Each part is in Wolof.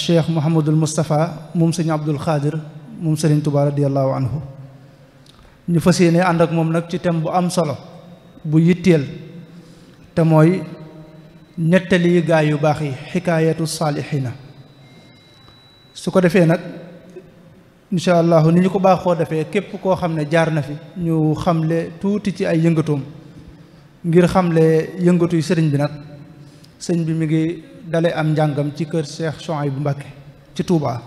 cheikh Mouhamadul Moustapha moom sëñ Abdul Xaadir moom sëriñ Tuubaa radiyallaahu anhu ñu fas yéene ànd ak moom nag ci thème bu am solo bu yitteel te mooy nettali gaay yu baax yi xikaayatu saalixina su ko defee nag incha allahu ni ñu ko baaxoo defee képp koo xam ne jaar na fi ñu xamle tuuti ci ay yëngatoom ngir xamle yëngatuy sëriñ bi nag sëñ bi mu ngi dale am njàngam ci kër yi bu Mbacké ci tuuba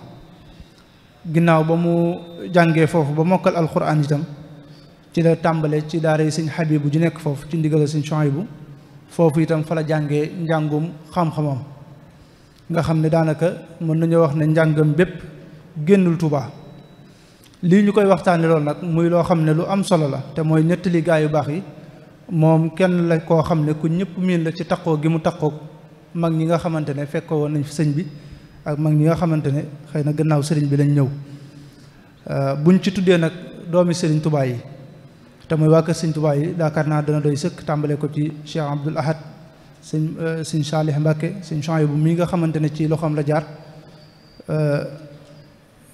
ginnaaw ba mu jàngee foofu ba mokkal alxuraan itam ci la tàmbale ci daara yi sëñ Xabibu ji nekk foofu ci ndigal sëñ bu foofu itam fa la jàngee njàngum xam-xamam nga xam ne daanaka mën nañoo wax ne njàngam bépp génnul tubaa lii ñu koy waxtaane loolu nag muy loo xam ne lu am solo la te mooy nettali gaa yu baax yi moom kenn la koo xam ne ku ñëpp miin la ci taqoo gi mu taqoo mag ñi nga xamante ne fekkoo woon nañ fi sëñ bi ak mag ñi nga xamante ne xëy na gannaaw sëriñ bi lañ ñëw euh, buñ ci tuddee nag doomi sëriñ Tuubaa yi te muy waa kër sëñ Tuubaa yi yaakaar naa dana doy sëkk tàmbale ko ci Cheikh Abdoul Ahad sëñ euh, sëñ Saalih Mbàkke sëñ Chouaïbou bu mii nga xamante ne ci loxoom la jaar euh,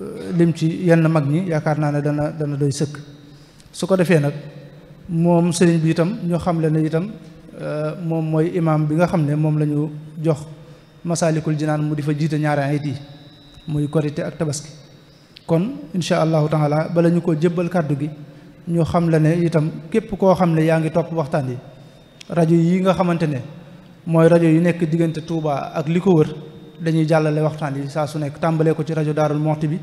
euh, lim ci yenn mag ñi yaakaar naa ne dana dana doy sëkk su ko defee nag moom sëriñ bi itam ñu xam le ne itam moom mooy imaam bi nga xam ne moom la ñu jox masaalikul jinaan mu di fa jiite ñaari ayit yi muy korite ak tabaski kon incha allahu taala bala ñu ko jébbal kàddu gi ñu xam la ne itam képp koo xam ne yaa ngi topp waxtaan yi rajo yi nga xamante ne mooy rajo yi nekk diggante Touba ak li ko wër dañuy jàllale waxtaan yi saa su nekk tàmbalee ko ci rajo Daarul Moxti bi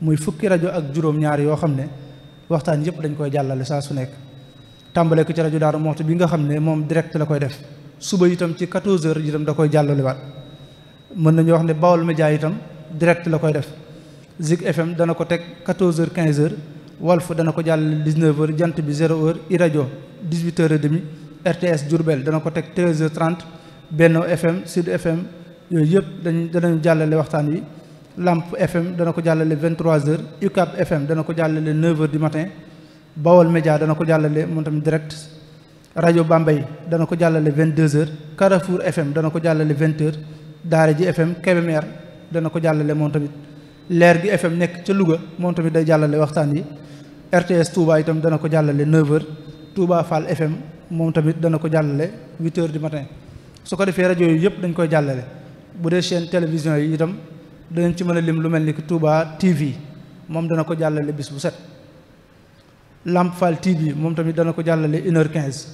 muy fukki rajo ak juróom yoo xam ne waxtaan yëpp dañ koy jàllale saa su nekk tàmbalee ko ci rajo Daarul Moxti bi nga xam ne moom direct la koy def suba itam ci 14h itam da koy jàllalewaat mën nañu wax ne Baol Média itam direct la koy def Zik FM dana ko teg 14h 15h. Walf dana ko jàll 19h jant bi 0h iRadio 18 h demi RTS Diourbel dana ko teg 13h30 Benno FM Sud FM yooyu yëpp dañu danañ jàllale waxtaan wi. Lamp FM dana ko jàllale 23h UCAB FM dana ko jàllale 9h du matin Bawol Média dana ko jàllale moom tamit direct rajo Bambey dana ko jàllale 22h Carrefour FM dana ko jàllale 20h ji FM Kébémer dana ko jàllale moom tamit. leer gi FM nekk ca Louga moom tamit day jàllale waxtaan yi RTS Touba itam dana ko jàllale 9h Touba Fall FM moom tamit dana ko jàllale 8h matin su ko defee rajo yi yëpp dañ koy jàllale bu dee chaîne télévision yi itam danañ ci mën a lim lu mel ni ki Touba TV moom dana ko jàllale bis bu set. Lamp Fall TV moom tamit dana ko jàllale 1 h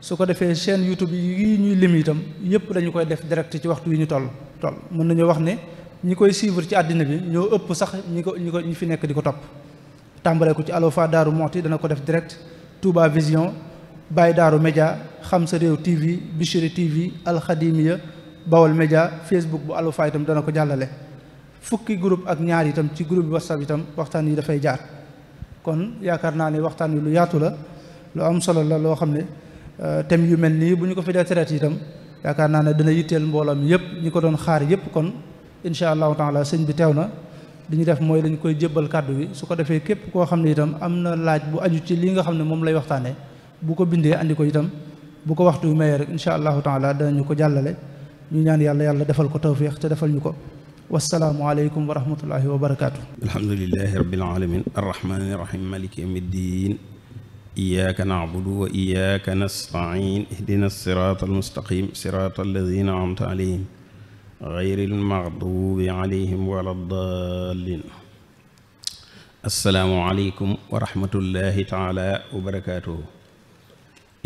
su ko defee chaîne YouTube yi ñuy lim itam yëpp dañu koy def direct ci waxtu yi ñu toll toll mën nañoo wax ne. ñi koy suivre ci àddina bi ñoo ëpp sax ñi ko ñi ko ñi fi nekk di ko topp tàmbale ko ci Alwafa Daaru Muxti dana ko def direct Touba Vision Baye Daaru Média Xam Sa Réew TV Bichri TV Alxadimiya Bawol Média Facebook bu Alwafa itam dana ko jàllale fukki groupe ak ñaar ci groupe bi WhatsApp itam waxtaan yi dafay jaar kon yaakaar naa ne waxtaan wi lu yaatu la lu am solo la loo xam ne euh, thème yu mel nii bu ñu ko fi dee traité itam yaakaar naa ne dana yitteel mbooloo mi yëpp ñi ko doon xaar yëpp kon incha allahu taala sëñ bi teew na li ñu def mooy dañ koy jébbal kàddu bi su ko defee képp koo xam ne itam am na laaj bu aju ci lii nga xam ne moom lay waxtaane bu ko bindee andi ko itam bu ko waxtu mayee rek incha allahu taala danañu ko jàllale ñu ñaan yàlla yàlla defal ko tawfiix te defal ñu ko wasalaamu aleykum wa rahmatullahi wa barakaatu alhamdulilahi rabbil alamin arrahmani irrahim maliki yawmiddin iyyaka na'budu wa iyyaka nasta'in ihdina a mustaqim siratal ladina an'amta alayhim xayril maxduubi alayhim wala daalliin assalaamu aleykum wa rahmatullahi taala wa barakaatuhu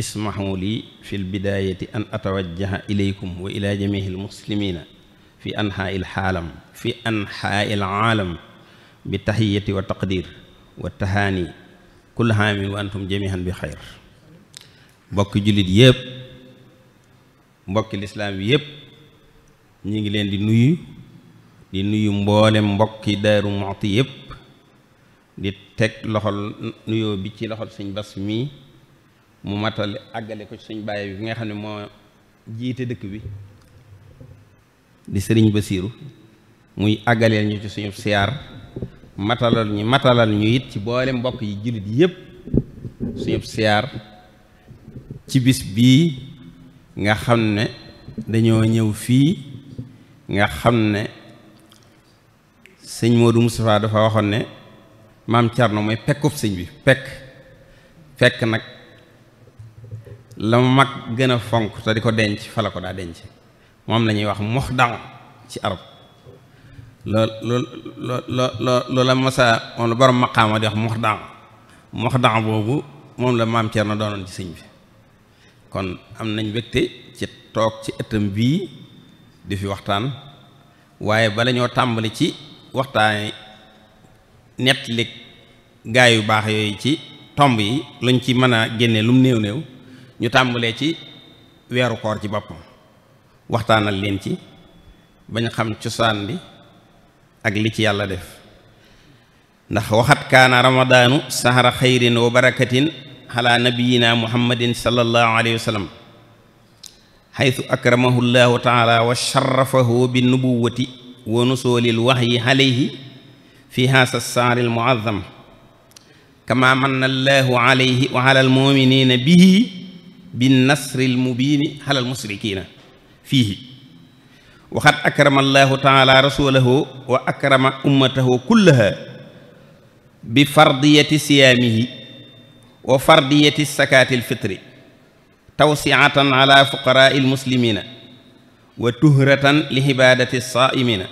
ismahu li fi lbidaayati an atawajjaha ilaykum wa ila jamihi almuslimina fi anxaai alxaalam fi anxaai alaalam bi taxiyati wa taqdir wa tahaani kul haamin wa antum jamihan bi xayr mbokki jullit yépp mbokki lislaam yépp ñu ngi leen di nuyu di nuyu mboolem mbokki Daaru Muxti yépp di teg loxol nuyoo bi ci loxol suñ bas mii mu matale àggale ko suñu bàyyi bi nga xam ne moo jiite dëkk bi di sëriñ Basiiru muy àggaleel ñu ci suñu siyaar matalal ñu matalal ñu it ci mboole mbokk yi jullit yépp suñu siyaar ci bis bii nga xam ne dañoo ñëw fii nga xam ne sëñ Modou Moustapha dafa waxoon ne maam na mooy pekkub sëñ bi pekk fekk nag la mag gën a fonk te di ko denc fa la ko daa denc moom la ñuy wax mox dan ci arab lool lool lool la masa moom la borom maqaama di wax mox dan mox dan boobu moom la maam Thierno doonoon ci sëñ bi kon am nañ mbégte ci toog ci ëttam bii di fi waxtaan waaye bala ñoo tàmbali ci waxtaane nettali gaa yu baax yooyu ci tomb yi luñ ci mën a génne lum néew néew ñu tàmbalee ci weeru koor ci boppam waxtaanal leen ci bañ xam cosaan bi ak li ci yàlla def ndax waxat kaana ramadaanu sahara xayrin wa barakatin ala nabiyina muhammadin sallallahu alayhi wa sallam xaytu akramahu llahu taala wa sharafahu bi nubuwati wa nusoolil waxyi alayhi fi haasa saari almuazam kama manna allahu alayhi wa ala almuminina bihi binnasri almubini ala almusrikina fiihi waxat akrama allahu taala rasulahu wa akrama ummatahu kullaha bi fardiyati siyaamihi wa fardiyati sakaati alfitri tawsiatan ala fuqaraai almuslimina wa tuhratan li ibaadati saaimina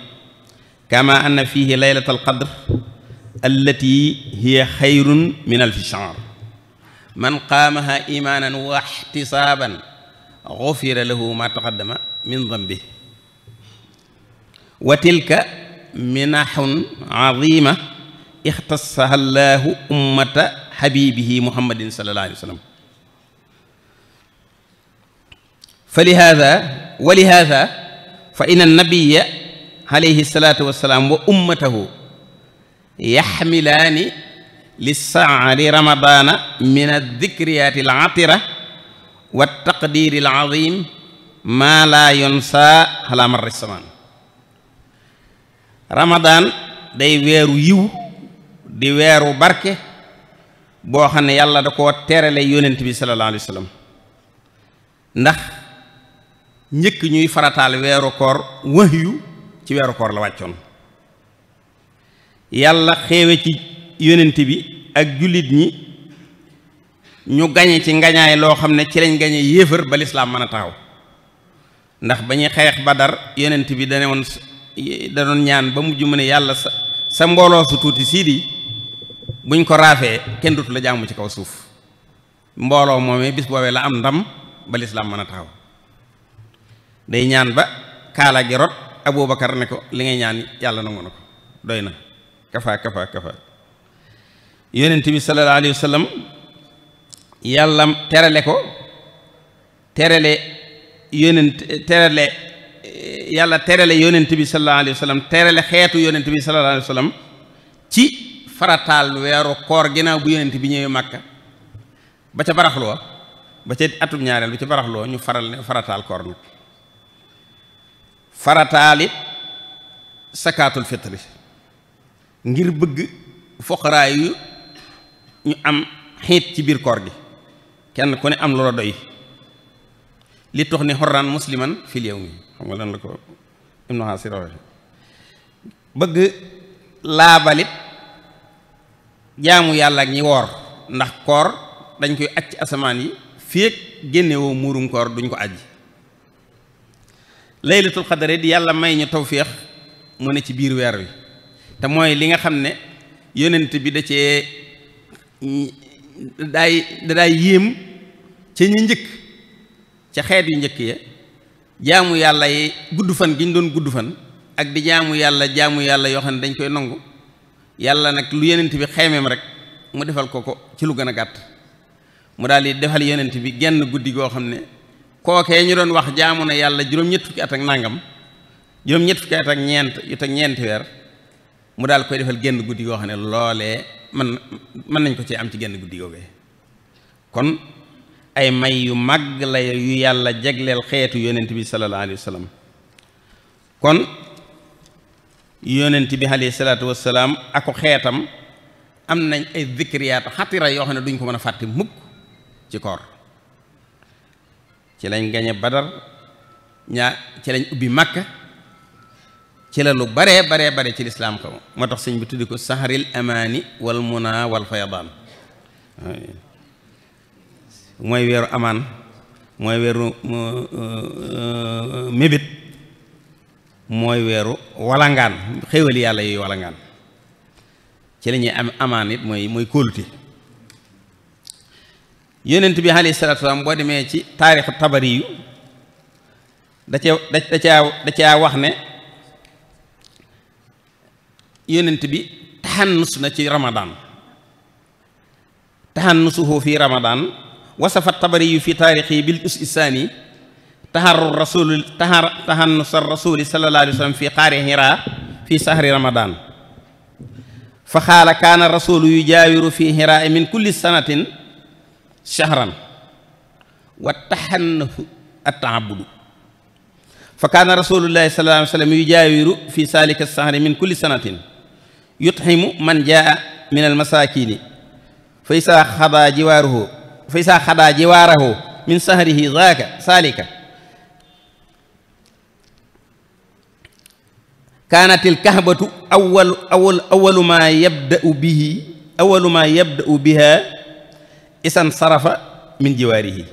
kama anna fihi laylat alqadr allati hiya xayrun min alfi shahr man qaamaha imaanan wa ixtisaaban gufira lahu ma taqaddama min dambi wa tilka minahun azima ixtasaha allahu ummata habibihi muhammadin sallallahu alayhi wa sallam fa lihaada wa lihaada fa inna nabiya wa ummatahu yaxmilaani li saari ramadaana min addikriyaati al atira wa taqdiiri al azim maa laa yonsaa alaa marri samaan ramadaan day weeru yiw di weeru barke boo xam ne yàlla da koo terale yónent bi sallallahu alayhi wa sallam ndax njëkk ñuy farataal weeru koor wahyu ci weeru koor la wàccoon yàlla xeewe ci yonent bi ak jullit ñi ñu gañe ci ngañaay loo xam ne ci lañ gañe yéefar ba mën a taxaw ndax ba ñuy xeex badar yonent bi da woon da ñaan ba mujj mu ne yàlla sa sa mbooloo su tuuti siidi buñ ko raafee kenn dutu la jaamu ci kaw suuf mbooloo moomee bis boobee la am ndam ba lislaam mën a taxaw day ñaan ba kaala gi rot ne ko li ngay ñaan yàlla nangu na ko doy na kafa kafa kafa yonent bi sallallahu yàlla terale ko terale yonent terale yàlla terale yonent bi sallallahu alayhi wa sallam terale xeetu yonent bi sallallahu alayhi wa sallam ci farataal weeru koor ginnaaw bu yonent bi ñëwee màkka ba ca baraxloo ba ca atum ñaareel ba ci baraxloo ñu faral ne farataal koor nag farataalit sakaatul fitri ngir bëgg foqaraa yu ñu am xiit ci biir koor gi kenn ku ne am loola doy li tax ni xorraan musliman fil yawmi xam nga lan la ko ibnu xaasir waxe bëgg laabalit jaamu yàlla ak ñi woor ndax koor dañ koy aj asamaan yi féeg génnewoo muurum koor duñ ko ajji laylatul xadar di yàlla may ñu tawféex mu ne ci biir weer wi te mooy li nga xam ne yonent bi da cee daay daay yéem ca ñu njëkk ca xeet yu njëkk ya jaamu yàlla yi gudd fan gi ñu doon gudd fan ak di jaamu yàlla jaamu yàlla yoo xam ne dañ koy nangu yàlla nag lu yonent bi xeemeem rek mu defal ko ko ci lu gën a gàtt mu daal di defal yonent bi genn guddi goo xam ne kookee ñu doon wax jaamu na yàlla juróom-ñett fukki at ak nangam juróom-ñett fukki at ak ñeent yu teg ñeenti weer mu daal koy defal génn guddi yoo xam ne loole mën mën nañ ko ci am ci génn guddi googee kon ay may yu mag la yu yàlla jegleel xeetu yonent bi sallallahu alayhi wa sallam kon yonent bi alayhi salaatu salaam ako xeetam am nañ ay zikriyaat xatira yoo xam ne duñ ko mën a fàtte mukk ci koor ci lañ gañe badar ñaa ci lañ ubbi màkka ci la lu baree baree bare ci lislaam ko moo tax sëñ bi tuddi ko saharil amaani wal muna wal fayadaan mooy weeru amaan mooy weeru euh, mébét mooy weeru walangaan xéwali yàlla yooyu walangaan ci la am amaan it mooy mooy kóolute yonent bi alayhi salaatu wasalaam demee ci taarixu tabari yu da cee da caa da caa wax na ci ramadaan taxannusuhu fi ramadaan wasafa tabari fi taarixi bil isaani taxaru rasul taxar taxannusa rasuli sallallahu alayhi wa sallam fi xaari Hiraa fi sahri ramadaan fa xaala kaana rasulu yujaawiru fi Hiraa min kulli sanatin shahran wa taxannahu attaabudu fa kaana rasulullahi sallallahu alayhi wa sallam yujaawiru fi saalika sahri min kulli sanatin yutximu man jaa min almasakini fa isaa xadaa jiwaaruhu fa isaa xadaa jiwaarahu min sahrihi zaaka saalika kaanat ilkahbatu awal awal awalu maa yabda'u bihi awalu maa yabda'u biha isan sarafa min jiwaarihi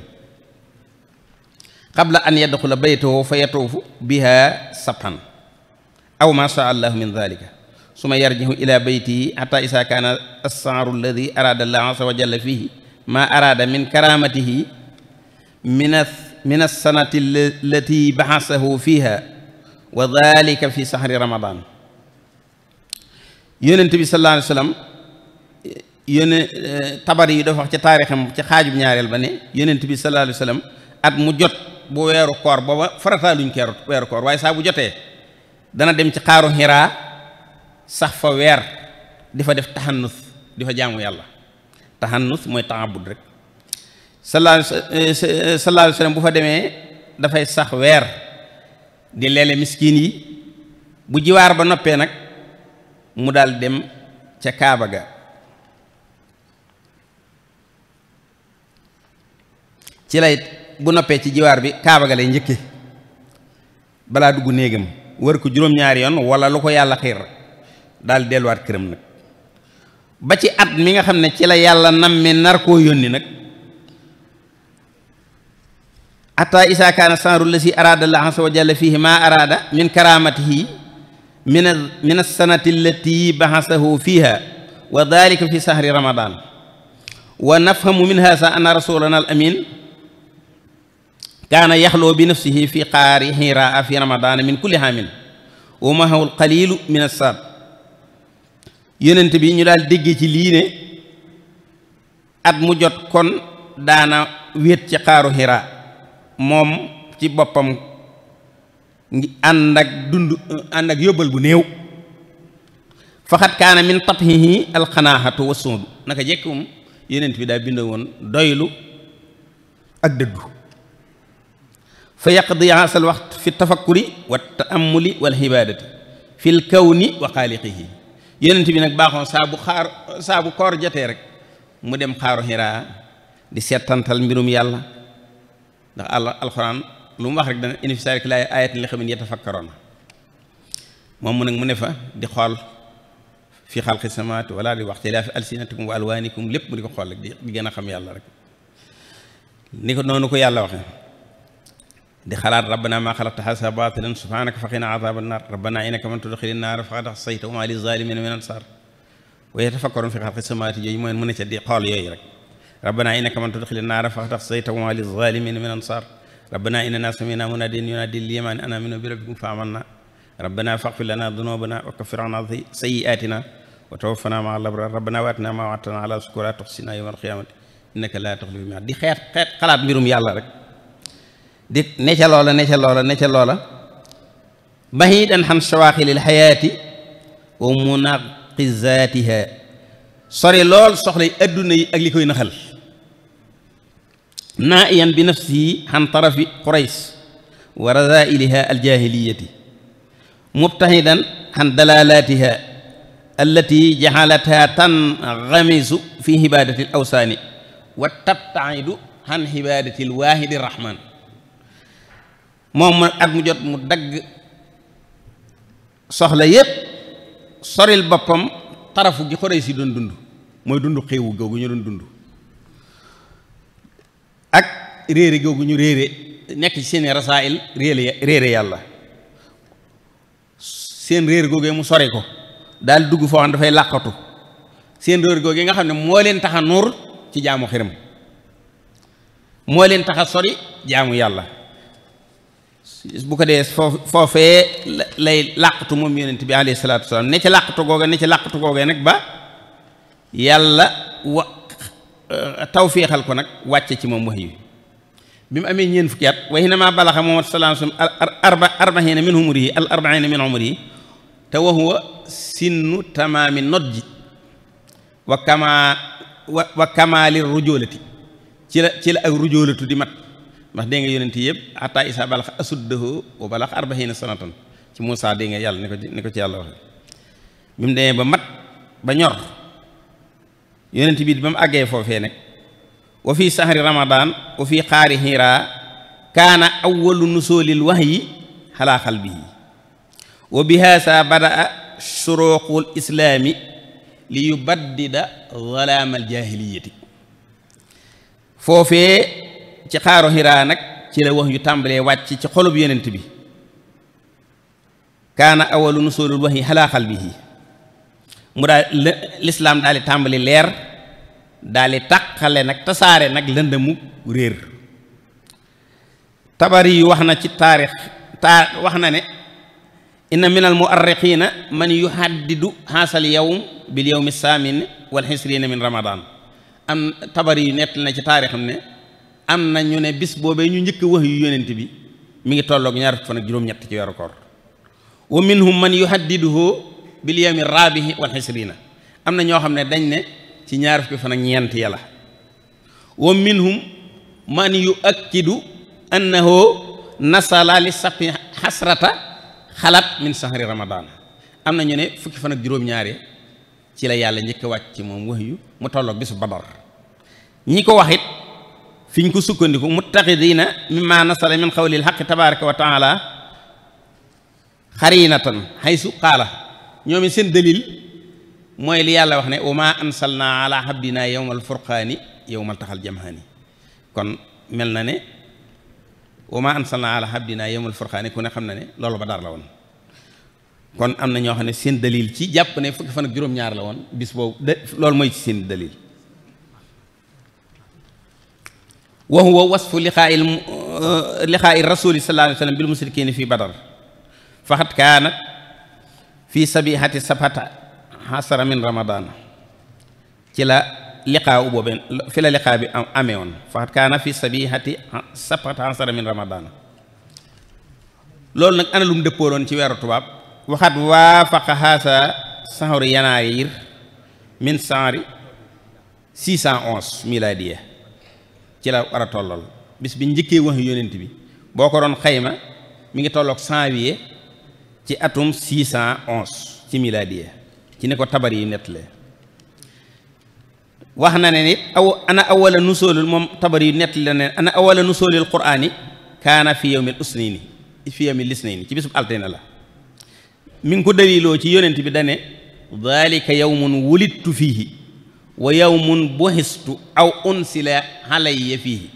qabla an yadxula baytahu fa yatuufu biha sabhan aw ma shaa allahu min dalika suma yarjihu ila baytihi hatta isa kaana assaaru alladi araada allahu azza wa jalla fihi ma araada min karamatihi min assanati allati baxasahu fiha wa dalika fi sahri ramadan yonent bi sallallahu alayhi wa sallam yónne eh, tabari yi dafa ca ci taarixam ca xaajub ñaareel ba ne yonent bi sallallahu alayhi wasallam at mu jot bu weeru koor booba farataaluñ keeru weeru koor waaye saa bu jotee dana dem ci xaaru xiraa sax fa weer di fa def taxannus di fa jaamu yàlla taxannus mooy taabud rek sallallahu eh, eh, sallallahu alayhi wasallam bu fa demee dafay sax weer di leele miskin yi bu jiwaar ba noppee nag mu daal dem ca kaaba ga ci lay bu noppee ci jiwaar bi kaaba ga lay njëkke balaa dugg néegam war ko juróom-ñaari yoon wala lu ko yàlla xiir daal delluwaat këram nag ba ci at mi nga xam ne ci la yàlla namme nar koo yónni nag hatta isa kaana sanru lasi araada la asa wa jalla fihi ma araada min karamatihi min min alsanati allati bahasahu fiha wa dalika fi sahri ramadan wa nafhamu min hasa anna rasulana al kaana yaxloo bi nafsihi fi qaari xiraa fi ramadaana min kulli haamin wa mahawul qalilu min assaab yonent bi ñu daal déggee ci lii ne at mu jot kon daana wéet ci xaaru xiraa moom ci boppam ànd ak dund ànd ak yóbbal bu néew faxat kaana min tabihi alxanaahatu wa soodu naka jekkum yonent bi daa bind woon doylu ak dëddu fa yaqdi haasal waxt fi tafakkuri wa taamuli wal ibaadati fil kawni wa xaaliqihi yonent bi nag baaxoon saa bu xaar saa bu koor jotee rek mu dem xaaru xiraa di seetantal mbirum yàlla ndax àlla alxuraan lu mu wax rek dana infisarik laay ayat li xam ne yatafakkaroona moom mu nag mu ne fa di xool fi xalqi samaati wala di waxte laa fi alsinatikum wa alwaanikum lépp mu di ko xool rek di a xam yàlla rek ni ko noonu ko yàlla waxe di xalaat rabbana maa xalaqta haza batilan subhanaka faqina azaba annar rabbana innaka man tudxili nnaara faqad axsayta wa maa li zalimina min ansar a rabbana innaka man wa maa li zalimina min ansar rabbana samina munadiyan yunadi lil iman an aminu bi rabbana faghfir lana dunubana wa kaffir anna wa tawaffana maa al rabbana wa atina maa wa'adtana la tuxzina yawma al-qiyamati innaka la tuxlifu al di xeet xeet xalaat mbirum yàlla rek di ne ca loola ne ca loola ne wa munaqizaatiha sori lool soxla yi adduna yi ak li koy naxal naa iyan bi nafsihi xam tarafi qurays wa razailiha aljaahiliyati mubtahidan xam dalalaatiha allati jaxalatha tanxamisu fi hibadati al wa tabtaidu xan hibadati al waahidi moom mooy at mu jot mu dagg soxla yépp soril boppam tarafu gi xorey si doon dund mooy dund xéewu googu ñu doon dund ak réere googu ñu réere nekk ci seeni rasaayil réere yàlla seen réer googee mu sori ko daal dugg foo xam dafay làqatu seen réer gi nga xam ne moo leen tax a nuur ci jaamu xiram moo leen tax a sori jaamu yàlla bu ko dee foofee lay làqatu moom yonent bi alayhi salaatu wasalaam ne ci làqatu googa ne ci làqatu googa nag ba yàlla wa euh, tawféexal ko nag wàcce ci moom wax yi bi mu amee ñeen fukki at wa hinamaa balaxa moom salaam sum arba arbaxiina min umrihi al arbaxiina min umrihi te wa sinnu tamaami nodji wa kamaa wa kamaali rujoolati ci la ci la ak rujoolatu di mat ndax dégg nga yonent yëpp xataa isaa balax asuddahu wa balax arbaxiina sanatan ci Muusaa dégg yàlla ni ko ni ko ci yàlla waxe bi mu ba mat ba ñor yonent bi ba mu àggee foofee nag wa fi sahri ramadan wa fi xaari xiira kaana awalu nusoolil wahyi xalaa xalbihi wa bihaasa badaa suruqul islaami li yubaddida zalaamal jaahiliyati foofee ci xaaru xiraa nag ci la wax yu tàmbalee wàcc ci xolub yonent bi kaana awalu nusulul wax yi xalaa xalbihi mu daal lislaam daal di tàmbali leer daal di tàqale nag tasaare nag lëndëmu réer tabari wax na ci taarix taa wax na ne inna min al muarriqina man yuhaddidu haasal yawm bil yawmi saamin wal xisriina min ramadan am tabari yu na ci taarixam ne am na ñu ne bis boobee ñu njëkk wax yu yonent bi mi ngi tollook ñaar fukki fan ak juróom-ñett ci weeru koor wa minhum man yuhaddiduhu bil yawmi raabihi wal xisriina am na ñoo xam ne dañ ne ci ñaar fukki fan ak ñeent ya la wa minhum man yuakkidu annahu nasala li sappi xasrata xalaat min sahri ramadan am na ñu ne fukki fan ak juróom-ñaari ci la yàlla njëkk wàcc ci moom wax mu tolloog bisu badar ñi ko wax fi ñu ko sukkandiku muttaxidiina mimma nasala min xawlil xaqi tabaraka wa taala xarinatan xaysu qaala ñoom it seen dalil mooy li yàlla wax ne wa maa ansalna ala abdina yowmal furqaani yowmal taxal jamhaani kon mel na ne wa maa ansalna ala abdina yowmal furqaani ku ne xam na ne loolu ba dar la woon kon am na ñoo xam ne seen dalil ci jàpp ne fukki fan ak juróom-ñaar la woon bis boobu de loolu mooy ci seen dalil wa huwa wasfu liqaail liqaail rasuli sallallahu bil musrikiina fii badar faxat kaanat fii sabihati sabata hasara min ramadaan ci la liqaa u fi la liqaa bi amee woon faxat kaana fii sabihati sabata hasara min ramadaan loolu nag ana lu mu dëppooloon ci weeru tubaab waxat waafaqa haasa sahru yanaayir min sahri milaadiya ci la war a tollool bis bi njëkkee wax yonent bi boo ko doon xayma mi ngi tolloog janvier ci atum 611 ci miladiya ci ne ko tabar yi nettalee wax na ne nit aw ana nu nusoolul moom tabar yu nettali la ne ana awala nusoolil quraan yi kaana fi yawmil usnayni fi yawmil lisnayni ci bisub altine la mi ngi ko daliloo ci yonent bi dane dalika yawmun wulittu fiihi wa yow yawmun buhistu aw unsila alayya fiihi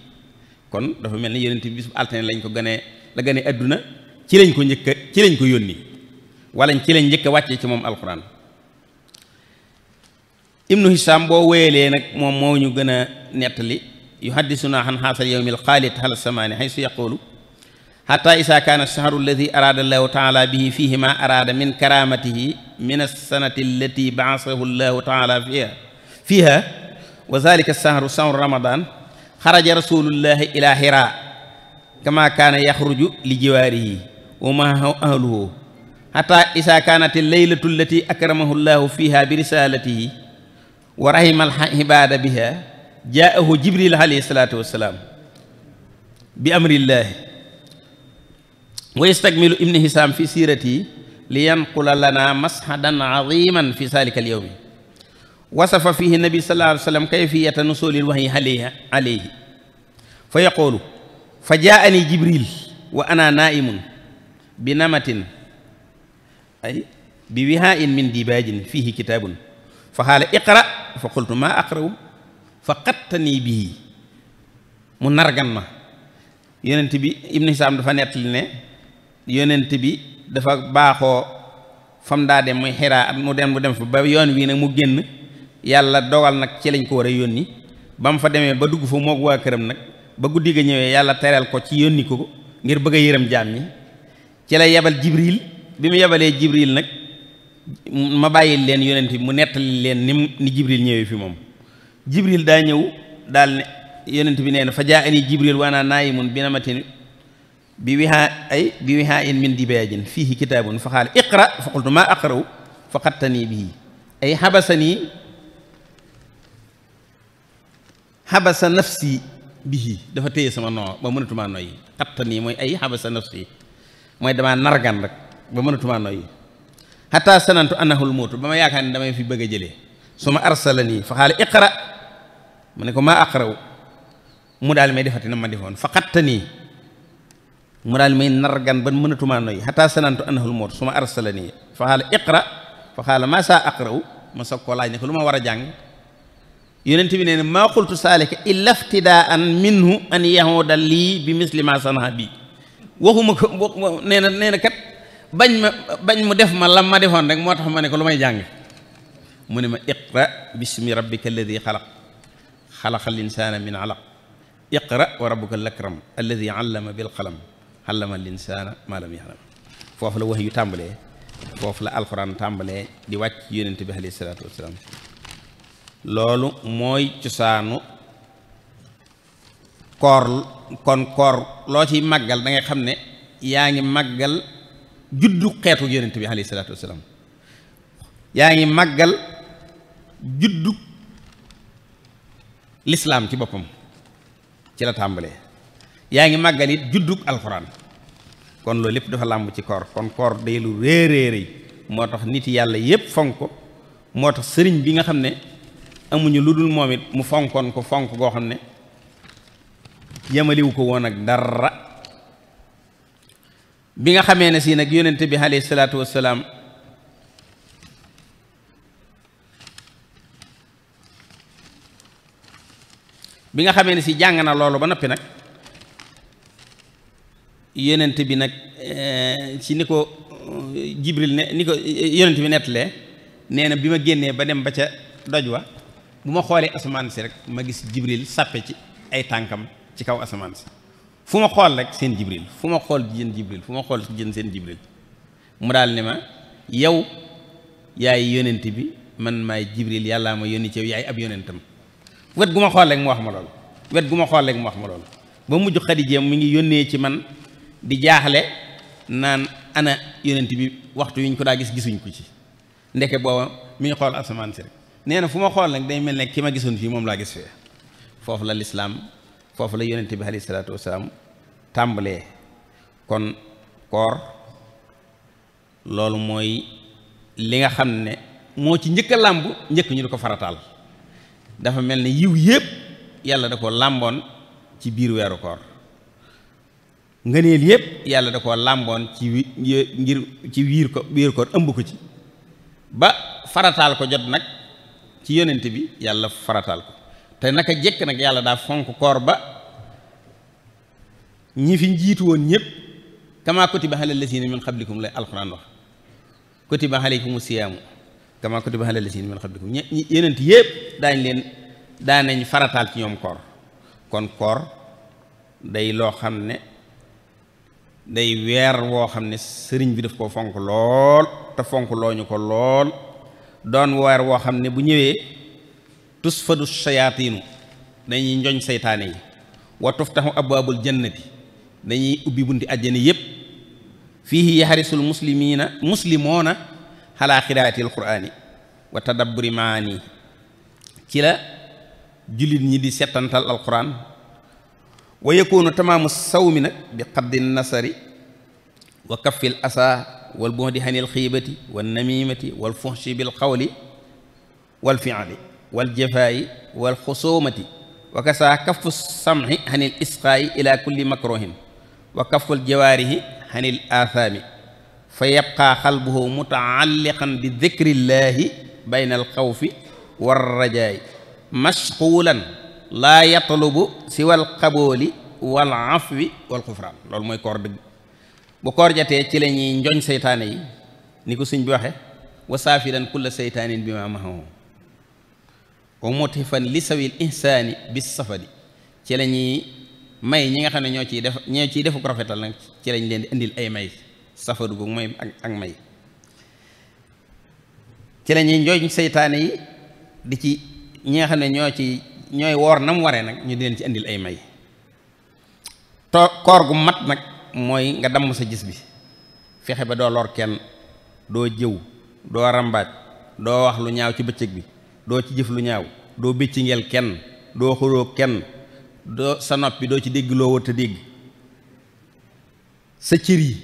kon dafa mel ni yonent bi bis bu lañ ko gënee la gënee adduna ci lañ ko njëkk ci lañ ko yónni wala ci lañ njëkk wàccee ci moom alquran ibnu hisam boo wéyelee nag moom moo ñu gën a nettali naa an xaasal yowmi alxaalit ala samaani xaysu yaqulu xata isa kaana alchahru alladi araada allahu taala bihi fihi ma araada min karamatihi min alsanati allati baasahu allahu taala fiha fiiha wa zalika sahru sahru ramadan xaraja rasulullahi ila hira kama kaana yaxruju li jiwaarihi wa maahu ahluhu xata isa kaanat leylatu allati akramahu llahu fiiha bi risalatihi wa rahima alxibaada biha jaahu jibril alayhi salaatu wassalaam bi amrillahi wa yastakmilu ibni hisam fi siirati li yanqula lana mashadan aziman fi zalika al yawmi wasafa fihi nabi sallallahu alayhi wa sallam kayfiyata nusulil wahyi alayhi alayhi fa yaqulu fa jaani jibril wa ana naimun bi namatin ay bi wihain min dibaajin fihi kitabun fa xaala iqra fa qultu ma aqra'u fa qattanii bihi mu nargan ma yonent bi ibnu hisaam dafa nettali ne yonent bi dafa baaxoo fam daa dem muy xiraa mu dem mu dem fa ba yoon wii nag mu génn yàlla dogal nag ci lañ ko war a yónni ba mu fa demee ba dugg fa moog waa këram nag ba guddi ga ñëwee yàlla teral ko ci yónni ko ngir bëgg a yërëm jaam ñi ci la yebal jibril bi mu yebalee jibril nag ma bàyyil leen yonent bi mu nettali leen ni ni jibril ñëwee fi moom jibril daa ñëw daal ne yonent bi nee na fa jaa ani jibril waanaa naayimun bi na matin bi wihaa ay bi wihaa in min dibaajin fiihi kitaabun fa xaala iqra fa qultu maa xabasa nafsi bihi dafa téye sama noo ba mënatumaa noyyi xatta mooy ay xabasa nafsi mooy damaa nargan rek ba mënatumaa noyyi xataa sanantu annahul mootu ba ma yaakaar ne damay fi bëgg a jëlee su ma nii fa xaala mu ne ko maa aqraw mu daal may defati na ma defoon fa xatta nii mu daal may nargan ba mënatumaa noyyi xataa sanantu annahul mootu su ma arsala nii fa xaala maa saa aqraw ma soog koo laaj ne ko lu ma war a jàng yonent bi nee ne maa qultu saalika illa ftidaan minhu an yahuda lii bi misli ma sanaa bi waxuma ko nee na kat bañ ma bañ mu def ma lam ma defoon rek moo tax ma ne ko lu may jàng mu ne ma iqra bismi rabbika alladi xalaq xalaqa al insana min alaq iqra wa rabbuka al akram alladi ma lam yaxlam foofu la wax yu tàmbalee foofu la alquran tàmbalee di wàcc yonent bi alayhi salaatu loolu mooy cosaanu koor kon koor loo ciy màggal da xam ne yaa ngi màggal juddu xeetu yonent bi alayhi salaatu wasalaam yaa ngi màggal juddu lislaam ci boppam ci la tàmbalee yaa ngi màggal it juddug alxuraan kon loolu lépp dafa làmb ci koor kon koor day lu réeréeréy moo tax nit yàlla yépp fonk ko moo tax sëriñ bi nga xam ne amuñu lu dul moom it mu fonkoon ko fonk goo xam ne yemaliwu ko woon ak dara bi nga xamee ne si nag yonent bi alayhi salaatu wassalaam bi nga xamee ne si jàng na loolu ba noppi nag yonent bi nag eh, ci ni ko eh, jibril ne ni ko eh, yonent bi nettalee nee na bi ma génnee ba dem ba ca doj wa bu ma xoolee asamaan si rek ma gis jibril sàppe ci ay tànkam ci kaw asamaan si fu ma xool rek seen jibril fu ma xool jën jibril fu ma xool jën seen jibril mu daal ne ma yow yaay yonent bi man maay jibril yàllaa ma yónni ci yaay ab yonentam wet gu ma xool rek mu wax ma loolu wet gu ma xool rek mu wax ma loolu ba mujj xadija mu ngi yónnee ci man di jaaxale naan ana yonent bi waxtu yu ñu ko daa gis gisuñ ko ci ndeke booba mi ngi xool asamaan si rek nee na fu ma xool nag day mel ne ki ma gisoon fii moom laa gis fee foofu la lislaam foofu la yonente bi alayhi salaatu wasalaam tàmbalee kon koor loolu mooy li nga xam ne moo ci njëkk a làmb njëkk ñu di ko farataal dafa mel ne yiw yépp yàlla da ko làmboon ci biir weeru koor ngëneel yépp yàlla da ko làmboon ci ngir ci wiir ko biir koor ëmb ko ci ba farataal ko jot nag ci yonent bi yàlla farataal ko te naka jekk nag yàlla daa fonk koor ba ñii fi jiitu woon ñëpp kama kutiba ala lasina min qablikum la alquran wax kutiba alaykum siyaamu kama kutiba ala lasina min qablikum ñi yonent yëpp daañ leen daanañ farataal ci ñoom koor kon koor day loo xam ne day weer woo xam ne sëriñ bi daf koo fonk lool te fonk looñu ko lool doon weer woo xam ne bu ñëwee tus fadu sayaatiinu dañuy njoñ seytaane yi wa tuftaxu abwaabul jannati dañuy ubbi bunti àjjana yépp fiihi yaxarisul muslimiina muslimoona xalaa xiraatil quraani wa tadabburi maani ci la jullit ñi di settantal alquran wa yakuunu tamaamu sawmi bi qaddi nasari wa kaffil asa wal bu'di anil xiibati wal namimati wal fuhshi bil qawli wal fi'li wal jafaa'i wal xusuumati wa kasaa kaffu sam'i anil isqaa'i ila kulli makruhin wa kafful jawaarihi anil aathaami fa yabqaa qalbuhu mutaalliqan bi dikrillaahi bayna alxawfi warrajaa'i mashquulan laa yatlubu siwa alqabooli wal afwi wal xufraan loolu mooy koor dëgg bu koor jatee ci la ñuy njoñ seytaane yi ni ko suñ bi waxe wa saafiran kulla seytaanin bi ma mahahu wa motifan li sawil insaani bi safadi ci la may ñi nga xam ne ñoo ciy def ñoo ciy defu rafetal nag ci lañ leen di indil ay may safadu bu ak ak may ci la ñuy njoñ seytaane yi di ci ñi nga xam ne ñoo ci ñooy woor na mu waree nag ñu di leen ci indil ay may to koor gu mat nag mooy nga damm sa gis bi fexe ba doo lor kenn doo jëw doo rambaaj doo wax lu ñaaw ci bëccëg bi doo ci jëf lu ñaaw doo béccingeel kenn doo xuloo kenn doo sa noppi doo ci dégg loo wër te dégg sa cër yi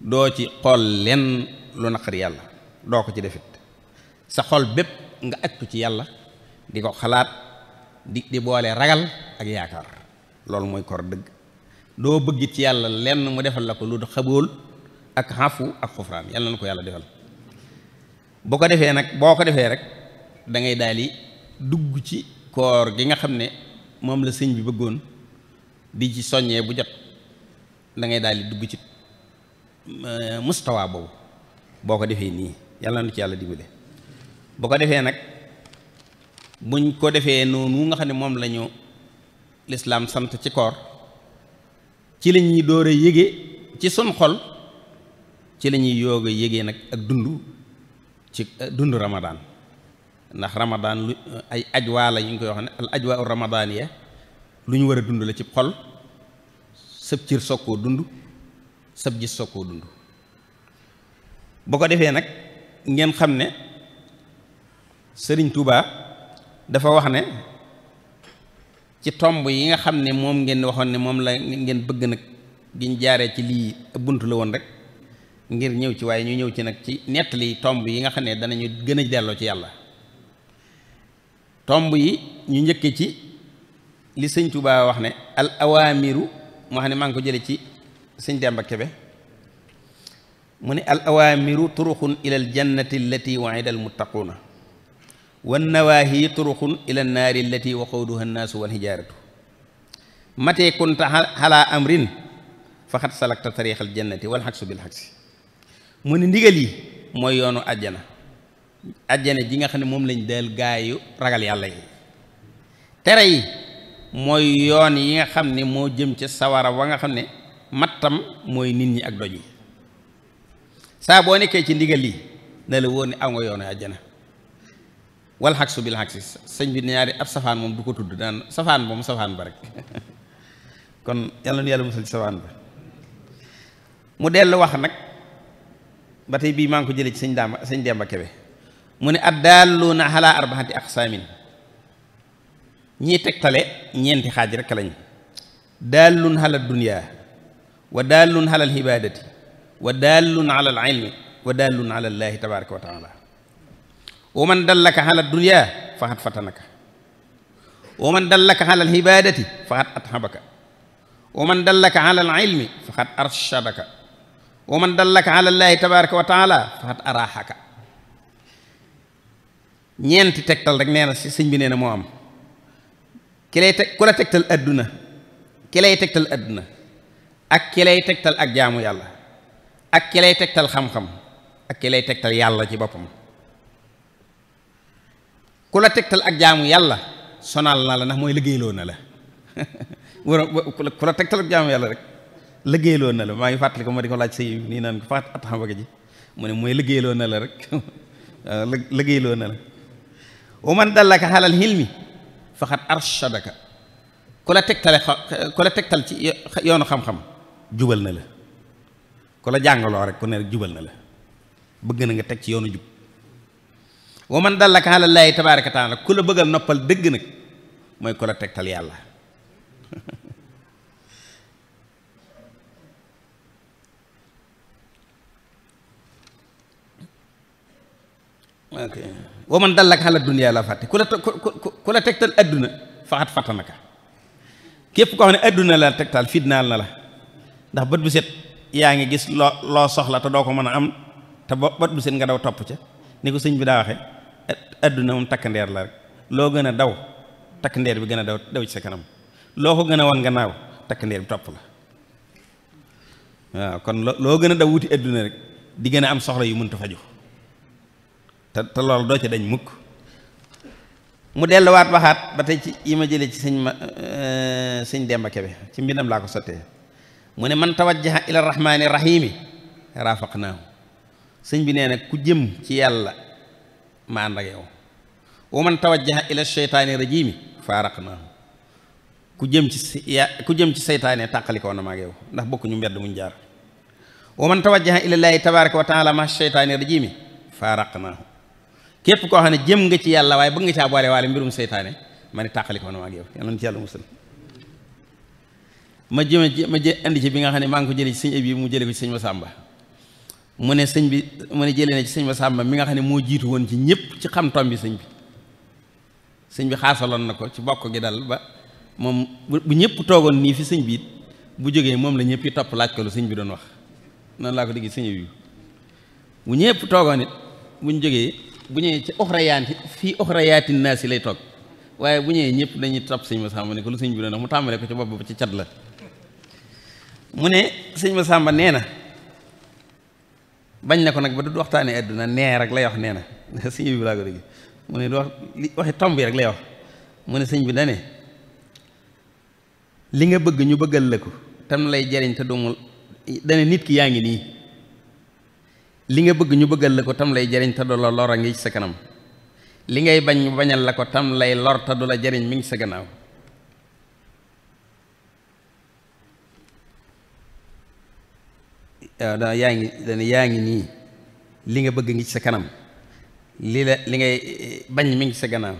doo ci xool lenn lu naqar yàlla doo ko ci defit sa xol bépp nga aj ci yàlla di ko xalaat di di boole ragal ak yaakaar loolu mooy koor dëgg doo bëgg ci yàlla lenn mu defal la ko lu xabool ak xafu ak xufraan yàlla na ko yàlla defal bu ko defee nag boo ko defee rek da daal di dugg ci koor gi nga xam ne moom la sëñ bi bëggoon di ci soññee bu jot da ngay di dugg ci euh, mustawa boobu boo ko defee nii yàlla na ci yàlla dimbale bu ko defee nag buñ ko defee noonu nga xam ne moom la ñu lislaam sant ci koor ci lañuy ñuy door a yëgee ci sun xol ci lañuy ñuy yoog yëgee nag ak dund ci euh, dund ramadaan ndax ramadaan lu euh, ay ajwaa la ñu ngi koy wax ne al ajwaa u ramadaan ya lu ñu war a dund la cib xol sëb cir soog koo dund sëb gis soog koo dund bu ko defee nag ngeen xam ne sëriñ Tuubaa dafa wax ne ci tomb yi nga xam ne moom ngeen waxoon ne moom la ngeen bëgg nag giñ jaaree ci lii bunt la woon rek ngir ñëw ci waaye ñu ñëw ci nag ci nettali tomb yi nga xam ne danañu gën a delloo ci yàlla tomb yi ñu njëkke ci li sëñ Tuubaa wax ne al awaamiru moo xam ne maa ngi ko jële ci sëñ Demba Kebe mu ne al awaamiru turuxun ila al waaye allati waida al muttaquuna wan nawaahi turuqun ila nnaari allati waqawduha annaasu wal hijaaratu matee kunta xalaa amrin faxat salakta tariixal jannati wal xaksu bil xaksi mu ne ndigal yi mooy yoonu àjjana àjjana ji nga xam ne moom lañ daal gaayu ragal yàlla yi tere yi mooy yoon yi nga xam ne moo jëm ci sawara wa nga xam ne mattam mooy nit ñi ak doj yi saa nekkee ci ndigal yi na la wóor ne am nga yoonu àjjana wal xag su bil xag si bi ñaari ab safaan moom du ko tudd daan safaan moom safaan ba rek kon yàlla nu yàlla musal ci safaan ba mu dell wax nag ba tey bii maa ngi ko jëlee ci sëñ Damba sëñ Demba Kebe mu ne addaaluuna ala arbaxati aqsaamin ñii tegtale ñeenti xaaj rekk lañ daallun ala dunya wa daallun ala al ibadati wa daallun ala al ilmi wa daallun ala allaahi tabaraka wa taala wa man dallaka ala dunya faxat fatanaka wa man dallaka ala alhibadati faxat atxabaka wa man dallaka ala alilmi faxat arshadaka wa man dallaka ala allaahi tabaraka wa taala faxat araxaka ñeenti tegtal rek nee na sëñ bi nee na moo am ki lay teg ku tegtal adduna ki lay tegtal adduna ak ki lay tegtal ak jaamu yàlla ak ki lay tegtal xam-xam ak ki lay tegtal yàlla ci boppam ku la tegtal ak jaamu yàlla sonal na la ndax mooy liggéeyloo na la war ku la yàlla rek liggéeyloo na la maa ngi fàttali ko ma di ko laaj sëy nii naan ko faat ataxambaga ji mu ne mooy liggéeyloo na la rek liggéeyloo na la wa man dallaka xalal xilmi faxat arshadaka ku la tegtale ku la tegtal ci yoonu xam-xam jubal na la ku la jàngaloo rek ku ne rek jubal na la bëgg na nga teg ci yoonu jub wa man dallaka ala ku la bëggal noppal dëgg nag mooy ku la tegtal yàlla ok man dallaka ala dunya la fàtte ku la ku la tegtal adduna faxat fattanaka képp koo xam ne adduna la tegtal fitnaal na la ndax bët bu set yaa ngi gis loo loo soxla te doo ko mën a am te bët bu set nga daw topp ca ni ko sëñ bi daa waxe adduna moom takk ndeer la rek loo gën a daw takk bi gën a daw daw ci sa kanam loo ko gën a wan nga naaw takk bi topp la waaw kon loo gën a daw wuti adduna rek di gën a am soxla yu mënta faju te te loolu doo ca dañ mukk mu delluwaat waxaat ba tey ci yi ma jëlee ci sëñ ma euh, sëñ Demba Kebe ci mbindam laa ko sottee mu ne man tawajjaha ila rahmaani rahimi raafaq naahu sëñ bi nee nag ku jëm ci yàlla ma ànd ak yow wa man tawajjaha ila sheytaani rajimi faaraqnaahu ku jëm ci ya ku jëm ci seytaane tàqalikoo na ma ak yow ndax bokkuñu mbedd muñ jaar wa man tawajjaha ila llaahi tabaraka wa taala ma sheytaani rajimi faaraqnaahu képp koo xam ne jëm nga ci yàlla waaye bëgg nga caa boole waale mbirum seytaane ma ne tàqalikoo na ma ak yow yàlla na ci yàlla musal ma jëme ma jë indi ci bi nga xam ne maa ngi ko jële ci sëñ Abi mu jële ko ci sëñ sàmba mu ne sëñ bi mu ne jëlee na ci sëñ ba sàmba mi nga xam ne moo jiitu woon ci ñëpp ci xam tomb bi sëñ bi sëñ bi xaasaloon na ko ci bokk gi dal ba moom bu ñëpp toogoon nii fi sëñ bi bu jógee moom la ñëpp yi topp laaj ko sëñ bi doon wax noonu laa ko digg sëñ bi bu ñëpp toogoon it bu jógee bu ñëwee ci oxrayaan fii oxrayaati naa si lay toog waaye bu ñëwee ñëpp dañuy topp sëñ Masamba ne ko lu sëñ bi doon wax mu tàmbalee ko ci bopp ba ci cat la mu ne sëñ Masamba nee na bañ na ko nag ba du waxtaanee àdduna nee rek lay wax nee na sëñ bi laa ko dégg mu ne du li waxi tomb yi rek lay wax mu ne sëñ bi dane li nga bëgg ñu bëggal la ko tam lay jariñ te dumul dane yaa ngi nii li nga bëgg ñu bëggal la ko tam lay jariñ te du la lor a ngi ci sa kanam li ngay bañ bañal la ko tam lay lor te du la jariñ mi ngi sa gannaaw Euh, dana yaa ngi dana yaa ngi nii li nga bëgg ngi ci sa kanam li la li ngay bañ mi ngi ci sa gannaaw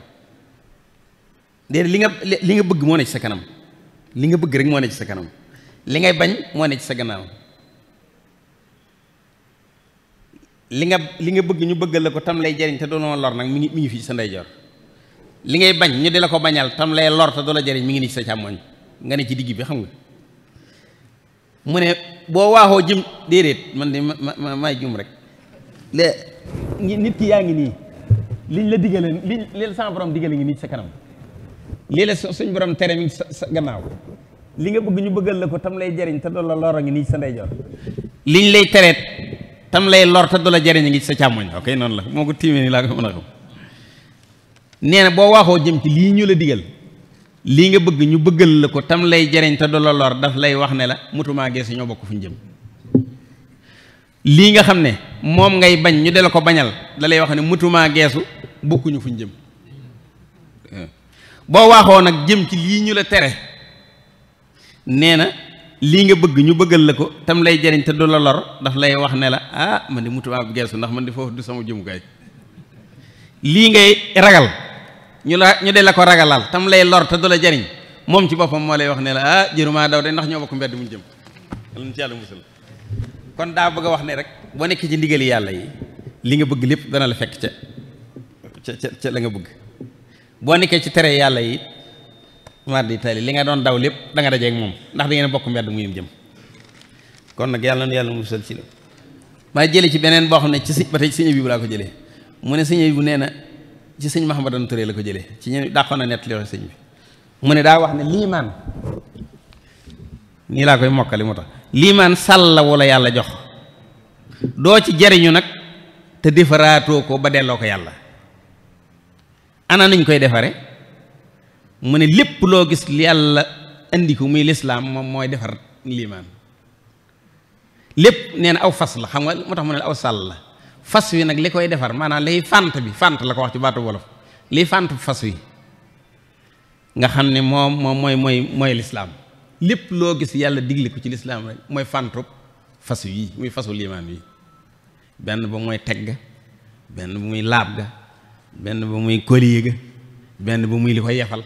déedéet li nga li nga bëgg moo ne ci sa kanam li nga bëgg rek moo ci sa kanam li ngay bañ moo ne ci sa gannaaw li nga li nga bëgg ñu bëggal la ko tam lay jariñ te du la lor nag mi ngi mi ngi fii sa ndeyjoor li ngay bañ ñu di la ko bañal tam lay lor te du la jariñ mi ngi ni sa càmmoñ nga ne ci digg bi xam nga mu ne boo waaxoo jëm déedéet man de ma maay jum rek lée nit ki yaa ngi nii liñ la digale liñ liñ sama borom digale ngi nii ci sa kanam lii la suñ borom tere mi sa sa gannaaw li nga bëgg ñu bëggal la ko tam lay jariñ te du la lor ngi nii ci sa ndeyjoor liñ lay tereet tam lay lor te du la jariñ ngi sa càmmoñ ok noonu la moo ko tiimee nii laa ko mën a xam nee na boo waaxoo jëm ci lii ñu la digal lii nga bëgg ñu bëggal la ko tam lay jariñ te du la lor daf lay wax ne la mutumaa geesu ñoo bokk fu ñu jëm lii nga xam ne moom ngay bañ ñu de ko bañal da wax ne mutumaa geesu bokkuñu fu jëm boo waaxoo nag jëm ci lii ñu la tere nee na lii nga bëgg ñu bëggal la ko tam lay jariñ te la daf lay wax ne la ah man di mutumaa geesu ndax man di foofu du sama jëmukaay lii ngay ragal ñu la ñu de la ko ragalal tam lay lor te du la jariñ moom ci boppam moo lay wax ne la ah jërumaa daw de ndax ñoo bokk mbedd mu jëm lan ci yàlla musal kon daa bëgg wax ne rek boo nekk ci ndigali yàlla li nga bëgg lépp dana la fekk ca ca la nga bëgg boo nekkee ci tere yàlla yi mar di tali li nga doon daw lépp danga nga moom ndax di ngeen bokk mbedd mu jëm kon nag yàlla na yàlla musal ci la ma jële ci beneen boo xam ne ci si ba tey sëñ bi bu laa ko jëlee mu ne sëñ bi bu nee na ci sëñ ma Mahamadan Touré la ko jëlee ci ñu dàqoon na nett loolu sëñ bi mu ne daa wax ne liimaan nii laa koy mokkali mu tax liimaan sàll la wala yàlla jox doo ci jariñu nag te defaraatoo ko ba delloo ko yàlla ana nañ koy defare mu ne lépp loo gis yàlla indi ko muy lislaam moom mooy defar liimaan lépp nee na aw fas la xam nga moo tax mu ne aw sàll la fas wi nag li koy defar maanaa liy fant bi fant la ko wax ci baatu wolof liy fant fas wi nga xam ne moom moom mooy mooy mooy lislaam lépp loo gis yàlla digle ko ci lislaam rek mooy fantub fas wi muy fasu liimaan wi benn ba mooy teg ga benn ba muy laab ga benn ba muy koliye ga benn ba muy li ko yefal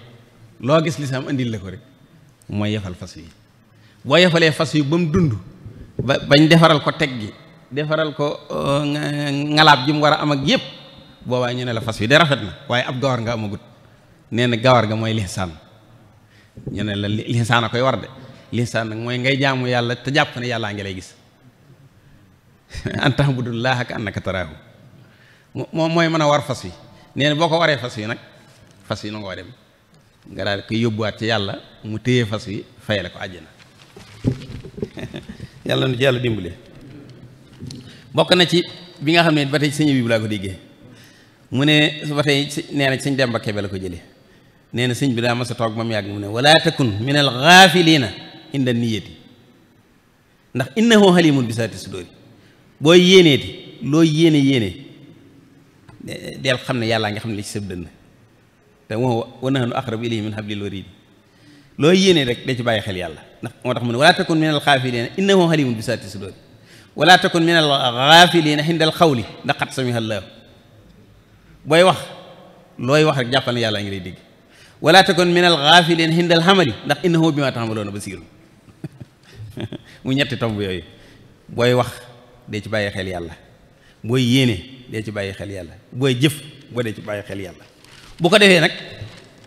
loo gis lislaam andil la ko rek mooy yefal fas wi boo yefalee fas wi ba mu dund ba bañ defaral ko teg gi defaral ko euh, ngalaab ji mu war a am ak yëpp boobaa ñu ne la fas wi de rafet na waaye ab gawar nga amagut nee na gawar ga mooy lihsaan ñu ne la lihsaan a koy war de lihsaan nag mooy ngay jaamu yàlla te jàpp ne yàllaa ngi lay gis an tahbudullaaha ka annaka taraahu moom mooy mën a war fas wi nee boo ko waree fas wi nag fas wi nangoo dem nga daal koy yóbbuwaat ci yàlla mu téye fas wi fayale ko àjjana yàlla nu ci yàlla dimbale bokk na ci bi nga xam ne ba tey sëñ bi laa ko déggee mu ne ba tey nee sëñ dem Demba Kebe la ko jëlee nee na sëñ bi daa mas a toog ba mu yàgg mu ne wala takun min al gaafiliina inda niyati ndax innahu halimun bi saati sudóori booy yéeneeti loo yéene yéene del xam ne yàllaa nga xam ne ci sëb dënn te wa wa nahnu aqrabu ilayhi min hablil warid loo yéene rek da ci bàyyi xel yàlla ndax moo tax mu ne wala takun min al gaafiliina innahu halimun wala takun min al gaafiliina xindal xawli ndax xat samiha llaahu booy wax looy wax rek jàppal na yàlla ngi lay dégg wala takun min al gaafiliina xindal xamali ndax bi innahu bimaa taxamaloona basiir mu ñetti tomb yooyu booy wax dee ci bàyyi xel yàlla booy yéene dee ci bàyyi xel yàlla booy jëf boo dee ci bàyyi xel yàlla bu ko defee nag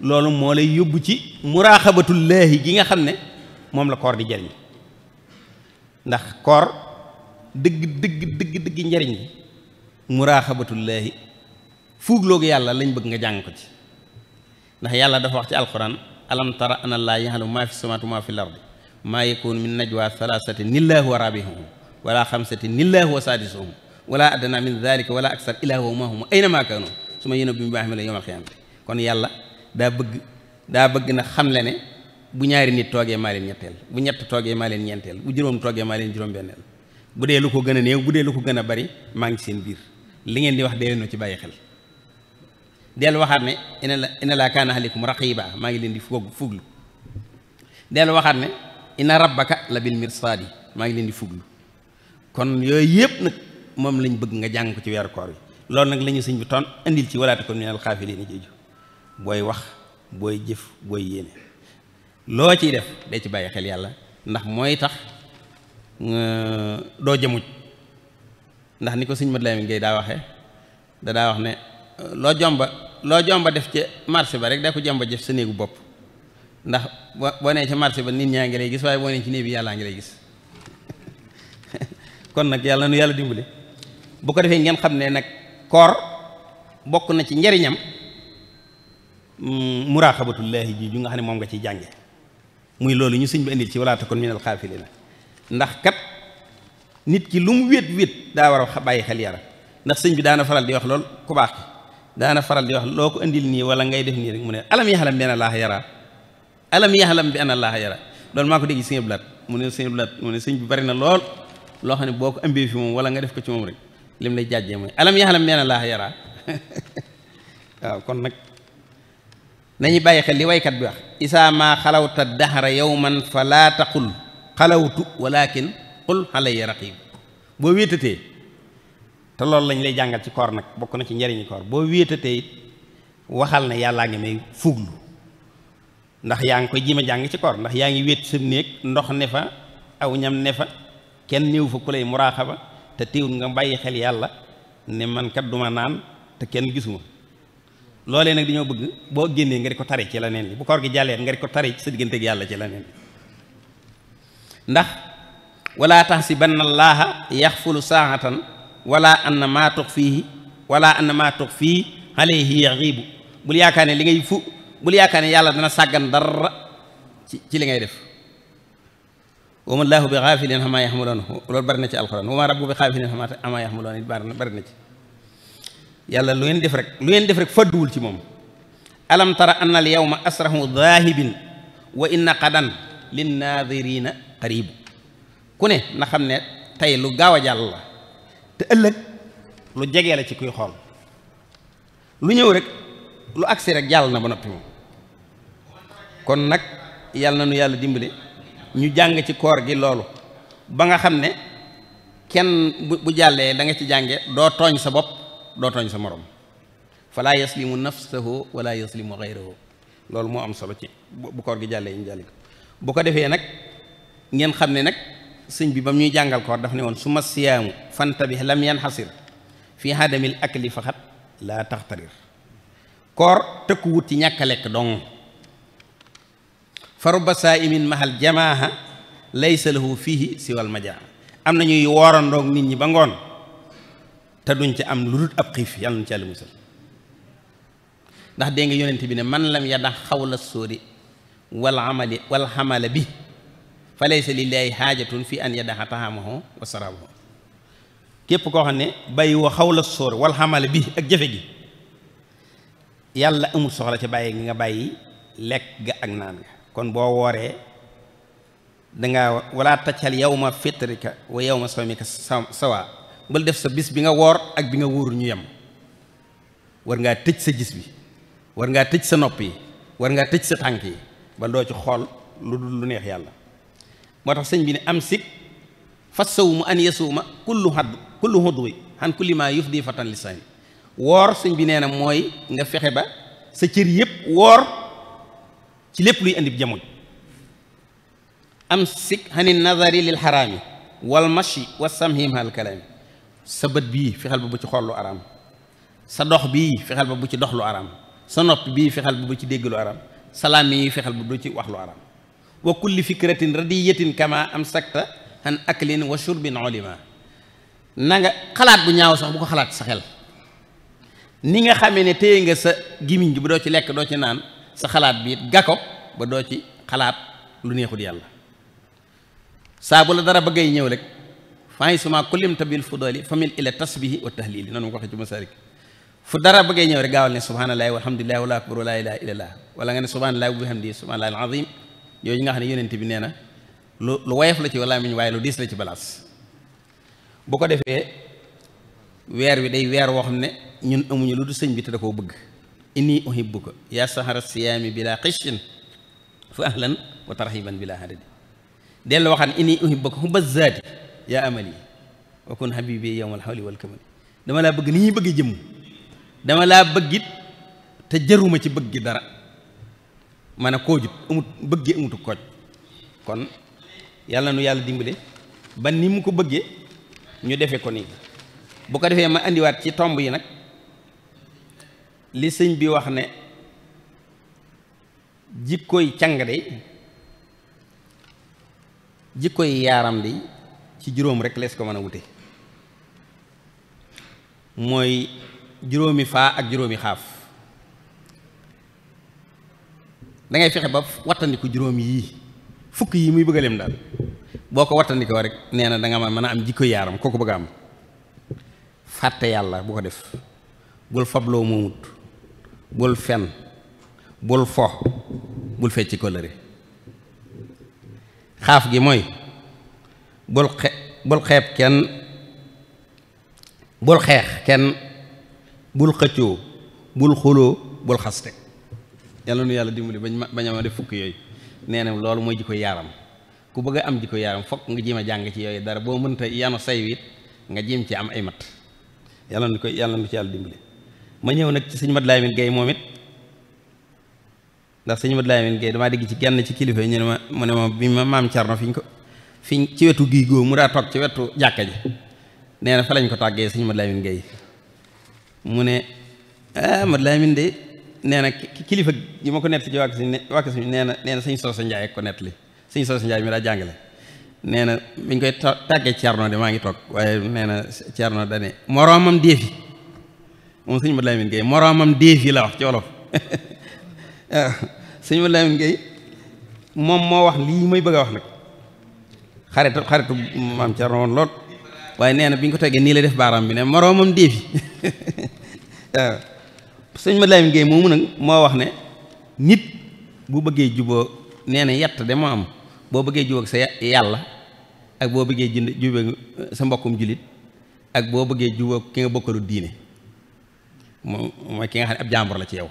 loolu moo lay yóbbu ci muraaxabatullaahi gi nga xam ne moom la koor di jariñ ndax koor dëgg dëgg dëgg dëgg njariñ bi muraaxabatullaahi fuugloogu yàlla lañ bëgg nga jàng ko ci ndax yàlla dafa wax ci alquran alam tara ana laa yaxlamu maa fi samaatu maa fi lardi maa yakunu min najwa salaasatin illaahu wa raabihum wala xamsatin illaahu wa saadisuhum wala adna min dalika wala aksar illaa huwa maahum ayna maa kaanu su ma yéen bi mu baax mi la yowmal xiyaamati kon yàlla daa bëgg daa bëgg na xamle ne bu ñaari nit toogee maa leen ñetteel bu ñett toogee maa leen bu juróom toogee maa juróom-benneel bu dee lu ko gën a néew bu dee lu ko gën a bari maa ngi seen biir li ngeen di wax dee leen ci bàyyi xel del waxaat ne ina la ina laa kaana aleykum raqiba maa ngi leen di fog fuglu del waxaat ne ina rabbaka la bil mirsaadi maa ngi leen di fuglu kon yooyu yëpp nag moom lañ bëgg nga jàng ko ci weeru koor yi loolu nag lañu ñu sëñ bi ton indil ci walaate kon minal xaafiliina jooju booy wax booy jëf booy yéene loo ciy def day ci bàyyi xel yàlla doo jëmuj ndax ni ko sëñ Mate Lamine Gueye daa waxee da daa wax ne loo jomba loo jomba def ca marché ba rek daa ko jomba jëf sa néegu bopp ndax boo nee ci marché ba nit ñaa ngi lay gis waaye boo nee ci néeg bi yàllaa ngi lay gis kon nag yàlla nu yàlla dimbali bu ko defee ngeen xam ne nag koor bokk na ci njariñam mm, muraaxabatullaahi jii ju nga xam ne moom nga ciy jànge muy loolu ñu sëñ bi indil ci walaata kon minal xaafilina ndax kat nit ki lu mu wét wét daa war a bàyyi xel yaram ndax sëñ bi daana faral di wax lool ku baax daana faral di wax loo ko indil nii wala ngay def nii rek mu ne alam yaxalam bi laax yara alam yaxalam bi ana laax yara loolu ko dégg sëñ Blaat ne sëñ Blaat mu ne bari na lool loo xam ne boo ko ëmbee fi wala nga def ko ci moom lay jàjjee mooy alam yaxalam bi ana laax yara waaw kon nag nañu bàyyi xel li waykat bi wax isaa maa xalawta daxara yowman fa laa taqul xalawtu walakin qul alayya raqib boo wéetatee te loolu lañ lay jàngal ci koor nag bokk na ci njariñu koor boo wéetatee it waxal ne yàllaa ngi may fuglu ndax yaa ngi koy jima jàng ci koor ndax yaa ngi wéet sa néeg ndox ne fa aw ñam ne fa kenn néew fa ku lay muraaxaba te teewul nga bàyyi xel yàlla ne man kat duma naan te kenn gisuma loolee nag dañoo bëgg boo génnee nga di ko tari ci leneen li bu koor gi jàllee nga di ko tari ci sa digganteeg yàlla ci ndax wala taxsibanna allaaha yaxfulu saatan wala anna maa tux fii wala anna maa tux fii alayhi yaxiibu bul yaakaar ne li fu bul yaakaar ne yàlla dana sàggan dara ci ci li ngay def wa ma laahu bi xaafilin xamaa yaxmuloon loolu bari na ci alxuraan wa ma rabbu bi xaafilin xamaa yaxmuloon it bari na ci yàlla lu def rek lu ngeen def fadduwul ci moom alam tara anna al yawma daahibin wa inna qadan linnaadiriina qaribu ku ne na xam ne tey lu gaaw a jàll la te ëllëg lu jege la ci kuy xool lu ñëw rek lu agsi rek jàll na ba noppi moom kon nag yàlla na nu yàlla dimbali ñu jàng ci koor gi loolu ba nga xam ne kenn bu bu jàllee da nga ci jànge doo tooñ sa bopp doo tooñ sa morom falaa yaslimu nafsahu wala yaslimu xayrahu loolu moo am solo ci bu koor gi jàllee ñu jàlli ko bu ko defee nag ngeen xam ne nag sëñ bi ba mu ñuy jàngal koor daf ne woon su ma siyaamu fantabih lam yanxasir fi hadamil akli faxat laa taxtarir koor tëkku wut ci ñàkk a lekk dong fa rubba saaimin mahal jamaaha laysa lahu fiihi siwal majaa am na ñuy woorandoog nit ñi ba ngoon te duñ ca am lu dut ab xiif yàlla nu ci àll musal ndax dégg nga yonent bi ne man lam yadax xawla sóori wal amali wal xamala bi fa laysa lillaahi xaajatun fi an yadaxa taxamahu wa saraabahu képp koo xam ne bàyyi xaw la sóor wal xamale bi ak jafe gi yàlla amul soxla ci bàyyi gi nga bàyyi lekk ga ak naan ga kon boo wooree danga wala taccal yawma fitrika wa yawma sawmika sawa bal def sa bis bi nga woor ak bi nga wóorul ñu yem war ngaa tëj sa gis bi war ngaa tëj sa nopp yi war ngaa tëj sa tànk yi ba doo ci xool lu dul lu neex yàlla moo tax sëñ bi ne am sik fas sawmu an yasuuma kullu hadd kullu hudwi han kulli maa yufdi fatan lisaani woor sëñ bi nee na mooy nga fexe ba sa cër yépp woor ci lépp luy andib jamoñ am sik hani nazari lil xaraami wal mashi wa samhim hal kalaami sa bët bii fexel ba bu ci xool lu araam sa dox bii fexel ba bu ci dox lu araam sa nopp bii fexel ba bu ci dégg lu araam salaam yi fexeel ba bu ci wax lu araam wa kulli fikratin radiyatin kama am sakta an aklin wa shurbin ulima na nga xalaat bu ñaaw sax bu ko xalaat saxel ni nga xamee ne téye nga sa gimiñ bi doo ci lekk doo ci naan sa xalaat biit it ba doo ci xalaat lu neexul yàlla saa la dara bëggay ñëw rek fay suma kullimta bil fudali famil ila tasbihi wa tahlili noonu ma ko waxee ci masarik fu dara bëggee ñëw rek gaawal ne subhanallahi walhamdulillahi wala akbar wala ilaha illallah wala nga ne subhanallahi wa bihamdihi yooyu nga xam ne yonent bi nee na lu lu woyof la ci làmmiñ waaye lu diis la ci balaas bu ko defee weer wi day weer woo xam ne ñun amuñu lu du sëñ bi te da ko bëgg inni uhibbuka yaa sahara siyaami bila xishin fa ahlan wa tarhiban bila hadadi dellu waxaan inni uhibbuka hubba zaati yaa amali wa kun habibi yawmal hawli wal kamali dama laa bëgg ni ñuy bëgg jëmm dama laa bëggit te jaruma ci bëgg dara man a koojut amut bëggee amutu kooj kon yàlla nu yàlla dimbale ba ni mu ko bëggee ñu defe ko nii bu ko defee ma indiwaat ci tomb yi nag li sëñ bi wax ne jikkoy càng de jikkoy yaaram de ci juróom rek lees ko mën a wute mooy juróomi faa ak juróomi xaaf dangay fexe ba wattandiku juróom yii fukk yi muy bëgg a lim daal boo ko wattandikoo rek nee na danga ma mën a am jikko yaaram kooku bëgga am fàtte yàlla bu ko def bul fabloo moomut bul fen bul fo bul fecci kóllëre xaaf gi mooy bul xe bul xeeb kenn bul xeex kenn bul xëccoo bul xuloo bul xaste yàlla nu yàlla dimbali bañ ma bañ a ma def yooyu nee na loolu mooy jikko yaaram ku bëgg a am jikko yaaram fokk nga jéem a jàng ci yooyu dara boo mënta yanu say wit nga jéem ci am ay mat yàlla nu koy yàlla nu ci yàlla dimbali ma ñëw nag ci sëñ Mat Lamin Gay moom it ndax sëñ Mat Lamin Gay damaa dégg ci genn ci kilifa ñu ne ma mu ne ma bi ma maam na fi ñu ko fiñ ci wetu gii góor mu daa toog ci wetu jàkka ji nee na lañ ko tàggee sëñ Mat Lamin Gay mu ne ah Mat Lamin nee na kilifa gi ma ko nett ci wàkk si wàkk si nee na nee na sëñ Soosa Njaay ko nett li sëñ Soosa Njaay mi daa jàngale nee na mi koy tàggee Ceerno de maa ngi toog waaye nee na Ceerno dane moroomam déefi moom sëñ Madu Lamin Gay moroomam déefi la wax ah, moom moo wax lii may bëgg a wax nag xaritu xaritu maam Ceerno waaye nee na bi ñu ko teggee nii la def baaraam bi ne moroomam déefi waaw ah. sëñ Mate Lamine Guèye moomu nag moo wax ne nit bu bëggee juboo nee na yett de moo am boo bëggee juboo ak sa yàlla ak boo bëggee jënd juboo sa mbokkum jullit ak boo bëggee juboo ki nga bokkalu diine moom mooy ki nga xam ne ab jàmbur la ci yow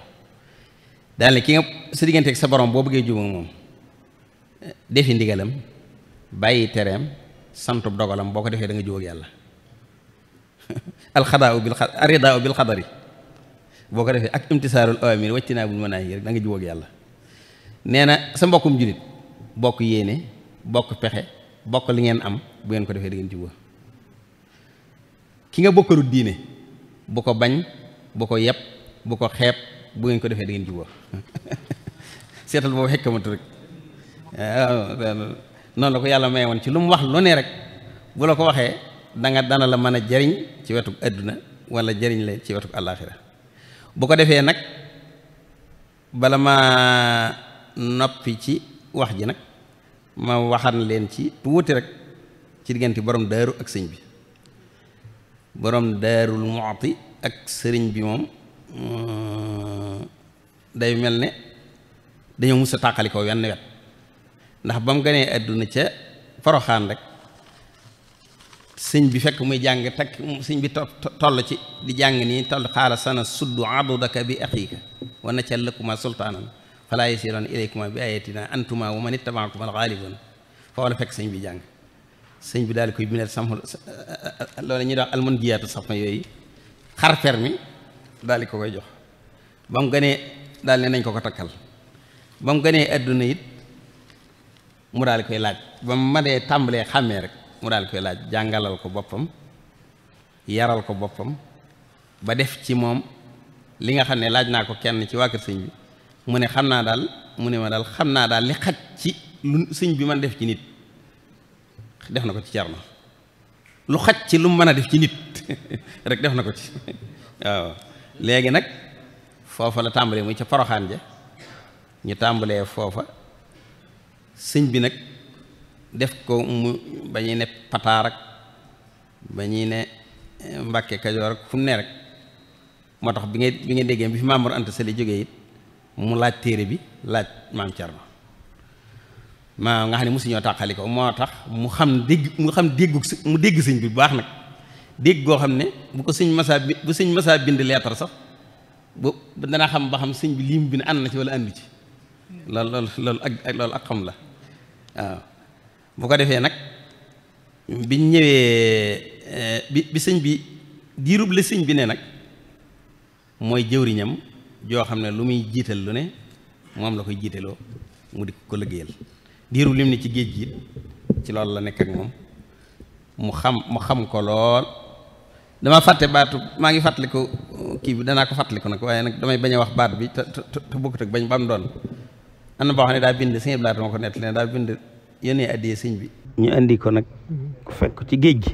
daanaka ki nga sa digganteeg sa borom boo bëggee juboo moom defi ndigalam bàyyi tereem santub dogalam boo ko defee danga nga juboo ak yàlla alxadaa bil xadari boo ko defee ak imtisaarul awamir wacci naa bul manaahi rek da danga jubóog yàlla nee na sa mbokkum julit bokk yéene bokk pexe bokk li ngeen am bu ngeen ko defee da ngeen jubóo ki nga bokkaru diine bu ko bañ bu ko yeb bu ko xeeb bu ngeen ko defee da ngeen jubóo seetal boobu xekkamatu rek noonu la ko yàlla may woon ci lu mu wax lu ne rek bu la ko waxee danga dana la mën a jariñ ci wetuk àdduna wala jariñ la ci wetuk àllaaxira bu ko defee nag bala ma noppi ci wax ji nag ma waxan leen ci tuuti rek ci diggante borom daaru ak sëñ bi borom daarul muxti ak sëriñ bi moom euh, day mel ne dañoo mus a tàqali ko wenn wet ndax ba mu ganee àdduna ca poroxaan rek sëñ bi fekk muy jàng takk sëñ bi toll ci di jàng nii toll xaala sana suddu adudaka bi axiika wa naj'al lakuma sultaanan falaa yasiiruuna ilaykuma bi ayatina antuma wa man ittabaakum al-ghaalibuun foofu la fekk sëñ bi jàng sëñ bi daal di koy bindal sam loolu ñuy wax almunjiyaatu yooyu xarfer mi daal di ko koy jox ba mu gënee daal ne nañ ko ko takkal ba mu gënee adduna it mu daal di koy laaj ba mu mënee tàmbalee xàmmee rek mu daal koy laaj jàngalal ko boppam yaral ko boppam ba def ci moom li nga xam ne laaj naa ko kenn ci waa kër sëñ bi mu ne xam naa daal mu ne ma daal xam naa daal li xaj ci lu sëñ bi man def ci nit def na ko ci Cerno lu xaj ci lu mën a def ci nit rek def na ko ci waaw léegi nag foofa la tàmbalee muy ca Poroxaan ja ñu tàmbalee foofa sëñ bi nag def ko mu ba ñuy ne pataar ak ba ñuy ne eh, mbàkke kajoor ak fu ne rek moo tax bi nga bi nga déggee bi fi Maam Mor Anta Sali jógee it mu laaj téere bi laaj maam ma maa nga xam ne mosuñoo tàqali ko moo tax mu xam dégg mu xam déggu mu dégg sëñ bi bu baax nag dégg goo xam ne bu ko sëñ masaa bi bu sëñ masaa bind leetar sax bu danaa xam ba xam sëñ bi lim bi ne ànd na ci wala ànd ci loolu loolu lool ak ak loolu ak xam la waaw bu ko defee nag biñ ñëwee eh, bi bi sëñ bi diirub la bi ne nag mooy jëwriñam joo xam ne lu muy jiital lu ne moom la koy jiitaloo mu di ko liggéeyal diirub lim ne ci géej gi ci loolu la nekk ak moom mu xam mu xam ko lool dama fàtte baatu maa ngi fàttaliku kii bi danaa ko fàttaliku nag waaye nag damay bañ wax baat bi te te te bokkut ak bañ ba mu doon am na boo xam ne daa bind sëñ Ibrahima ma ko nettali ne daa bind yónnee addiyee sëñ bi ñu indi ko nag fekk ci géej gi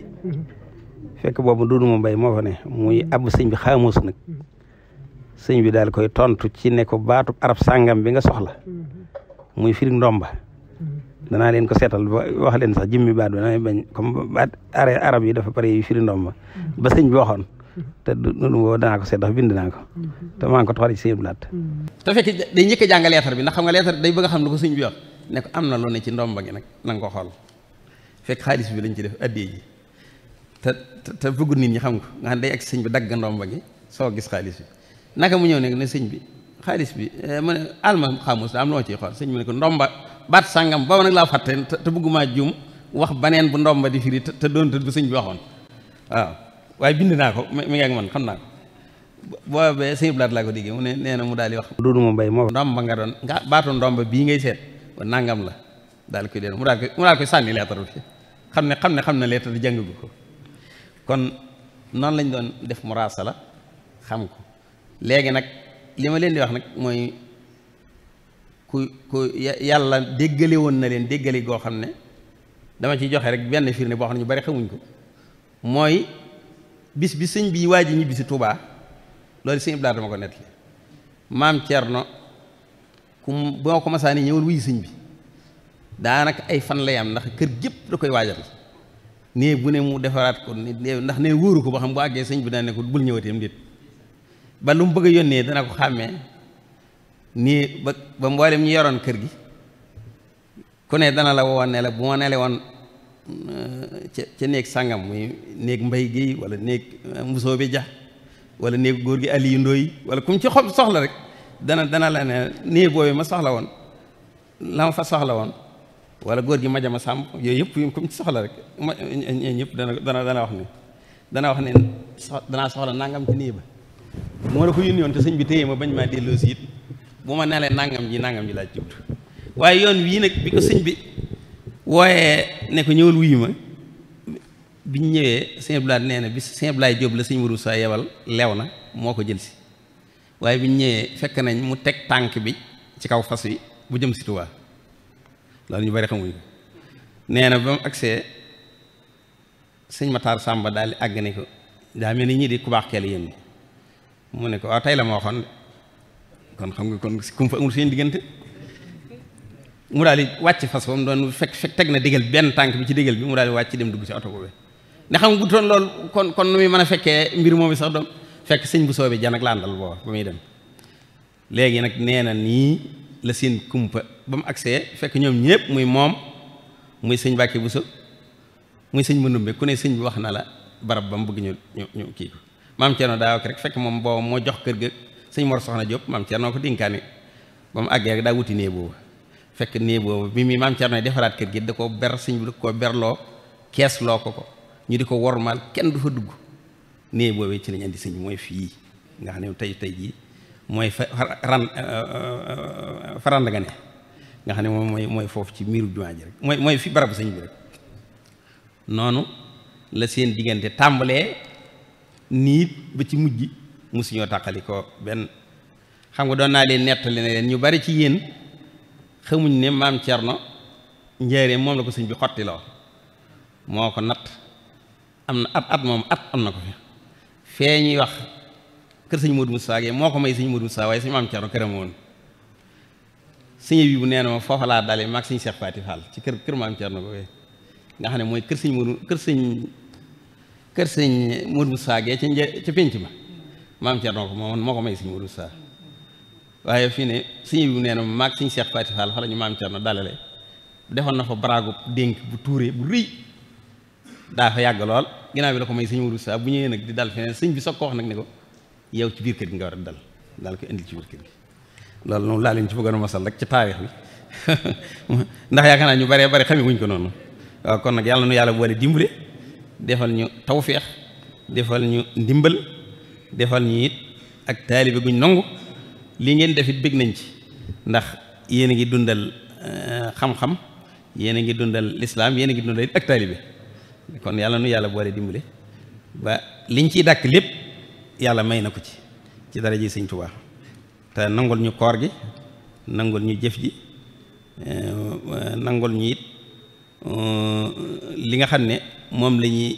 fekk boobu dudu ma mbay moo fa ne muy ab sëñ bi xaamus nag sëñ bi daal koy tontu ci ne ko baatu arab sàngam bi nga soxla muy firi ndomba danaa leen ko seetal ba wax leen sax jëmmi baat bi danay bañ comme baat yi dafa pare yu firi ndomba ba sëñ bi waxoon du nu boobu danaa ko seet dafa bind naa ko te maa ngi te fekk day njëkk a jàng leetar bi ndax xam nga leetar day bëgg xam lu ko sëñ bi wax ne am na lu ne ci ndomba gi nag nanga ko xool fekk xaalis bi lañ ci def addee ji te te bëggu nit ñi xam ko nga xam day ak sëñ bi dagg ndomba gi soo gis xaalis bi naka mu ñëw ne ne sëñ bi xaalis bi eh, mu ne alma xamus am loo ciy xool sëñ bi ne ndomba baat sàngam booba nag laa fàtte te bëggumaa juum wax baneen bu ndomba di firi te doontat bu sëñ bi waxoon waaw waaye bind naa ko mi ngi ak man xam naa ko boobee sëñ blaat laa ko déggee mu ne nee na mu daal di wax duudu ma mbay moo ndomba nga doon nga baatu ndomba bii ngay seet nangam la daal koy leen mu daal koy mu daal koy sànni leetar bi xam ne xam ne xam ne leetar jàngagu ko kon noonu lañ doon def la xam ko léegi nag li ma leen di wax nag mooy ku ku yàlla déggale woon na leen déggale goo xam ne dama ci joxe rek benn firnde boo xam ne ñu bari xamuñ ko mooy bis bi sëñ bi waa ji ñibbisi Tuubaa loolu sëñ Ibrahima dama ko nettali maam Thierno. ku boo ko masaani ñëwoon wuyu sëñ bi daanaka ay fan lay am ndax kër gépp da koy waajal nee bu ne mu defaraat ko ndax ne wóoru ko ba xam bu àggee sëñ bi daan ne ko ba lu mu bëgg yónnee dana ko xàmmee nii ba ba mboolem ñu yoroon kër gi ku ne dana la woon ne la bu ma nele woon euh, ca ca néeg sàngam muy néeg mbay gi wala néeg mbusoo bi ja wala néeg góor gi Aliou Ndoy wala kum ci xob soxla rek dana dana la ne nii boobu ma soxla woon la ma fa soxla woon wala góor gi ma jama sàmm yooyu yëpp yu mu ci soxla rek ma ñëpp dana dana wax ni dana wax ne danaa soxla nangam ci nii ba moo la ko sëñ bi téye ma bañ maa delloo si it bu ma nelee nangam ji nangam ji laa jubtu waaye yoon wii nag bi ko sëñ bi wooyee ne ko ñëwal wuyu ma biñ ñëwee sëñ Abdoulaye nee na bi sëñ laay Diop la sëñ Mourou Sa yebal leew na moo ko jël si waaye bi ñëwee fekk nañ mu teg tànk bi ci kaw fas wi bu jëm si Tuubaa loolu ñu bari xamuñ ko nee na ba mu agsee sëñ Matar Samba daal di àgg ne ko daa mel ni ñii di ku baax keel yéen mu ne ko waaw ah, tey la ma waxoon kon xam nga kon kum fa amul seen diggante mu daal di wàcc fas ba mu doon fekk fekk teg na digal benn tànk bi ci digal bi mu daal di wàcc dem dugg ci oto boobu ne xam nga bu doon loolu kon kon muy mën a fekkee mbir moomi sax doom fekk sëñ bu soobee jan ak laandal booba ba muy dem léegi nag nee na nii la seen kumpa ba mu agsee fekk ñoom ñëpp muy moom muy sëñ bu Buso muy sëñ bu ndumbe ku ne sëñ bi wax na la barab ba mu bëgg ñu ñu kii ko maam Cerno daa rek fekk moom booba moo jox kër ga sëñ Mor Soxna Diop maam Cerno ko dinkaani ba mu àggee rek daa wuti nee boobu fekk nee boobu bi muy maam Cerno defaraat kër gi da koo ber sëñ bi da koo berloo kees loo ko ko ñu di ko wormaal kenn du fa dugg nee boobee ci lañ andi sëñ mooy fii nga xam ne tey tey jii mooy fa ran euh, euh, faranda nga ne nga xam ne moom mooy mooy foofu ci miiru jumaa ji rek mooy mooy fi barabu sëñ bi rek noonu la seen diggante tàmbalee niit ba ci mujj musuñoo tàqali ko benn xam nga doon naa leen nettali ne leen ñu bari ci yéen xamuñ ne maam Cerno njëriñ moom la ko sëñ bi xottiloo moo ko natt am na at at moom at am na ko fi fee ñuy wax kër sëñ Modou mu Gueye moo ko may sëñ Modou Moussa waaye sëñ maam Thierno këram nee na ma foofa laa dalee maag sëñ Cheikh ci kër kër maam Thierno boobee nga xam ne mooy kër sëñ Modou kër sëñ kër sëñ Modou Moussa Gueye ca një ma maam Thierno ko moo moo ko may sëñ Modou Moussa waaye fii ne sëñ bi bu na ma maag sëñ Cheikh Faty fa la ñu na fa baraagu bu tuuree bu rëy daa fa yàgg lool ginnaaw bi la ko may sëñ Modou Sa ñu ñëwee nag di dal feneen sëñ bi soog ko wax nag ne ko yow ci biir kër gi nga war a dal daal ko indil ci biir kër gi loolu noonu laa leen ci bëggoon a masal rek ci taarix bi naa ñu baree bari xamee wuñ ko noonu waaw kon nag yàlla nu war a dimbale defal ñu tawféex defal ñu ndimbal defal ñu it ak taalibe guñ nangu li ngeen def it bëgg nañ ci ndax yéen a ngi dundal eh, xam-xam yéen ngi dundal lislaam yéen a ngi dundal it ak taalibe kon yàlla nu yàlla boole dimbale ba liñ ciy dàkk lépp yàlla may na ko ci ci dara ji sëñ Tuubaa te nangul ñu koor gi nangul ñu jëf ji eh, nangul ñu it eh, li nga xam ne moom la ñuy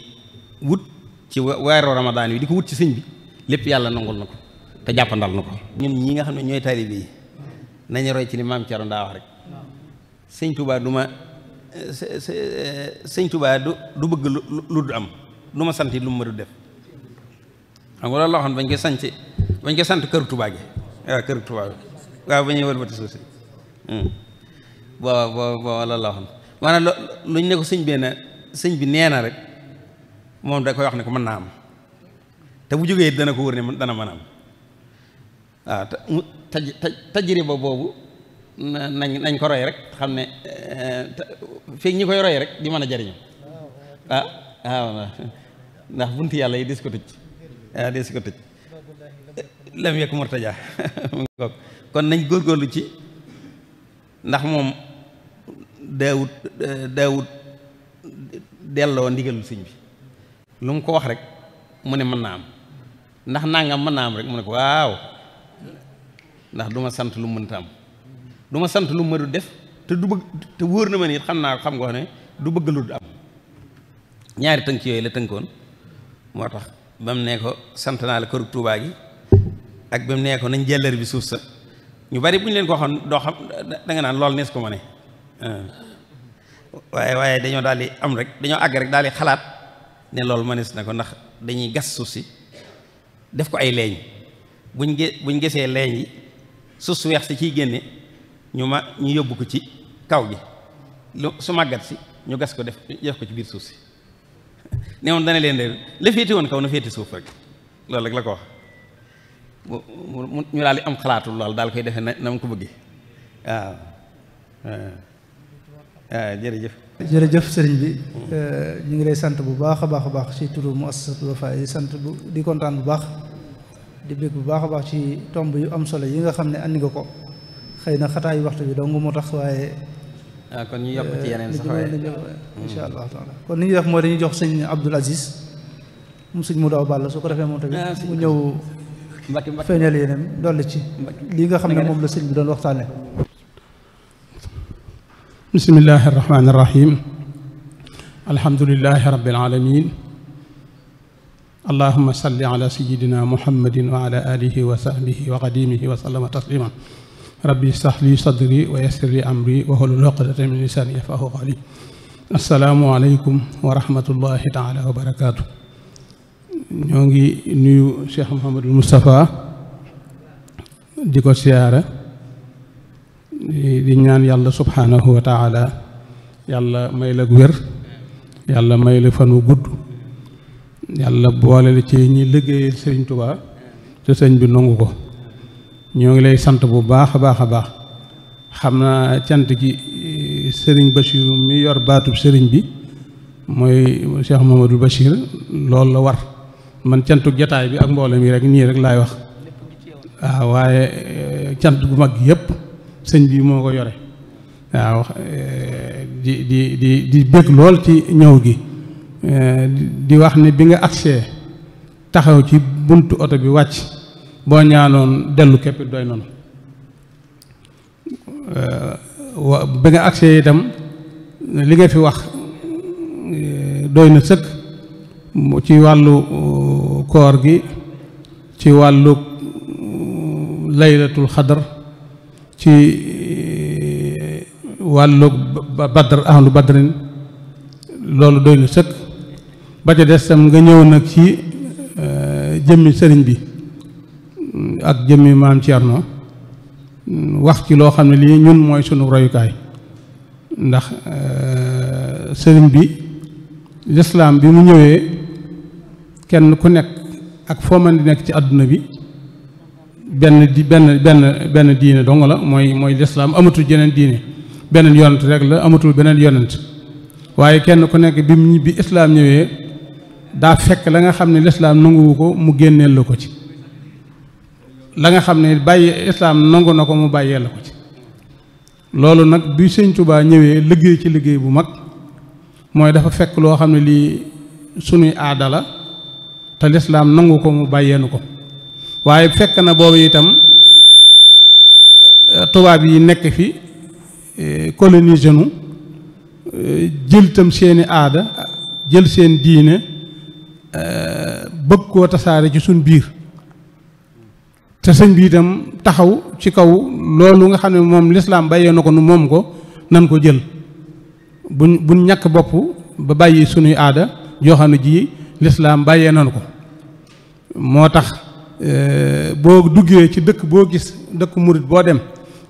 wut ci weeru ramadaan wi di ko wut ci sëñ bi lépp yàlla nangul na ko te jàppandal na ko ñun ñi nga xam ne ñooy taalibe yi nañu roy ci li maam Cerno daa wax rek sëñ Tuubaa du Eh, sëñ Tuubaa du du bëgg lu lu du am du ma sant lu mu mënul def xam nga loolu loo xam bañ koy sant bañ koy sant kër Tuubaa gi waaw ah, kër Tuubaa gi waaw ba ñuy wëlbati suuf si booba hmm. booba loolu loo xam maanaam lu ñu ne ko sëñ bi ne sëñ bi nee na rek moom da koy wax ne ko mën naa am te bu jógee dana ko wër ne dana mën a am waaw ah, te tajriba boobu nañ nañ ko roy rek xam ne eh, fii ñi koy roy rek di mën a jariñu ah, ah, ah ndax bunt yàlla yi des ko tëj ah des ko tëj lam yekk kon nañ góorgóorlu ci ndax moom daawut eh, daawut delloo ndigalul sëñ bi lu mu ko wax rek mu ne mën na am ndax nangam mën naa am rek mu ne ko waaw ndax duma sant lu mënta am du ma sant lu ma du def te du bëgg te wóor na ma nit xam naa xam nga ne du bëgg lu du am ñaari tënk yooyu la tënkoon moo tax ba ne ko sant naa la kër Tuubaa gi ak ba mu ko nañ jëllër bi suuf sa ñu bari bu ñu leen ko waxoon doo xam da nga naan lool nees ko ma ne waaye waaye dañoo daal di am rek dañoo àgg rek daal di xalaat ne loolu mënees na ko ndax dañuy gas suuf si def ko ay leeñ buñ ge buñ gesee leeñ yi suuf su weex si ciy génne ñu ma ñu yóbbu ko ci kaw gi lu su màggat si ñu gas ko def def ko ci biir suuf si ne woon dana leen de la woon kaw na féete suuf rek loolu rek la ko wax ñu daal di am xalaatul lool daal koy defee na mu ko bëggee waaw waaw jërëjëf jërëjëf sëriñ bi euh, ñu ngi lay sant bu baax a baax a baax ci turu Muassasatul Wafa yi sant bu di kontaan bu baax di bég bu baax a baax ci tomb yu am solo yi nga xam ne andi nga ko xëy na xataayu waxtu bi dong moo tax waaye. Ah, kon ñu yokk ci eh, yeneen sax waaye eh, hmm. incha kon ni ñu def mooy dañuy jox sëñ Abdul Aziz mu sëñ mu daw bàll su ko defee moom tamit ah, mu ñëw. mbàkk feeñal yeneen dolli ci. lii nga xam ne moom la sëñ bi doon waxtaane bismillahi arrahmani arrahim alhamdulilahi rabbil alamin allahuma salli ala sayidina muhammadin wa ala alihi wa sahbihi wa qadimihi wa sallama tasliman rabbi ishrah li sadri wa yassir li amri wahlul uqdatan min lisani yafqahu qawli assalaamu aleykum wa rahmatullahi taala wa barakaatu ñoo ngi nuyu Cheikh Mouhamadul Moustapha di ko siyaara di ñaan yàlla subhaanahu wa taala yàlla may la wér yàlla may la fan wu gudd yàlla boole la ci ñi liggéeyal sëriñ Tuubaa te sëñ bi nangu ko ñoo ngi lay sant bu baax a baax a baax xam naa cant gi eh, sëriñ Bachir mi yor baatub sëriñ bi mooy Cheikh Mamadou Bachir loolu la war man cantu jataay bi ak mboolem yi rek nii rek laay wax waaye eh, cant bu mag yépp sëñ bi moo ko yore waaw eh, di di di di bëgg lool ci ñëw gi di wax ni bi nga agsee taxaw ci buntu oto bi wàcc boo ñaanoon dellu képp doy noonu euh, wa bi nga agsee itam li nga fi wax euh, doy na sëkk ci wàllu euh, koor gi ci wàllu laylatul xadar ci wàllu badr ahlu badrin loolu doy na sëkk ba ca des tam nga ñëw nag ci jëmmi sëriñ bi ak jëmmi maam Thierno wax ci loo xam ne lii ñun mooy sunu royukaay ndax euh, sëriñ bi lislaam bi mu ñëwee kenn ku nekk ak foo di nekk ci àdduna bi benn di benn benn benn diine dong la mooy mooy lislaam amatul jeneen diine beneen yonent rek la amatul beneen yonent waaye kenn ku nekk bi mu bi islaam ñëwee daa fekk la nga xam ne lislaam nanguwu ko mu génneel la ko ci la nga xam ne bàyyi islaam nangu na ko mu bàyyee la ko ci loolu nag bi sëñ Tuubaa ñëwee liggéey ci liggéey bu mag mooy dafa fekk loo xam ne lii suñuy aada la te lislaam nangu ko mu bàyyee nu ko waaye fekk na boobu itam eh, tubaab yi nekk fi eh, colonisé nu eh, jël tam seeni aada jël seen diine bëgg koo tasaare ci suñ biir te sëñ bi itam taxaw ci kaw loolu nga xam ne moom lislaam bàyyee na ko nu moom ko nan ko jël buñ buñ ñàkk bopp ba bàyyi sunuy aada joo ne ji lislaam bàyyee nanu ko moo tax euh, boo duggee ci dëkk boo gis dëkk murit boo dem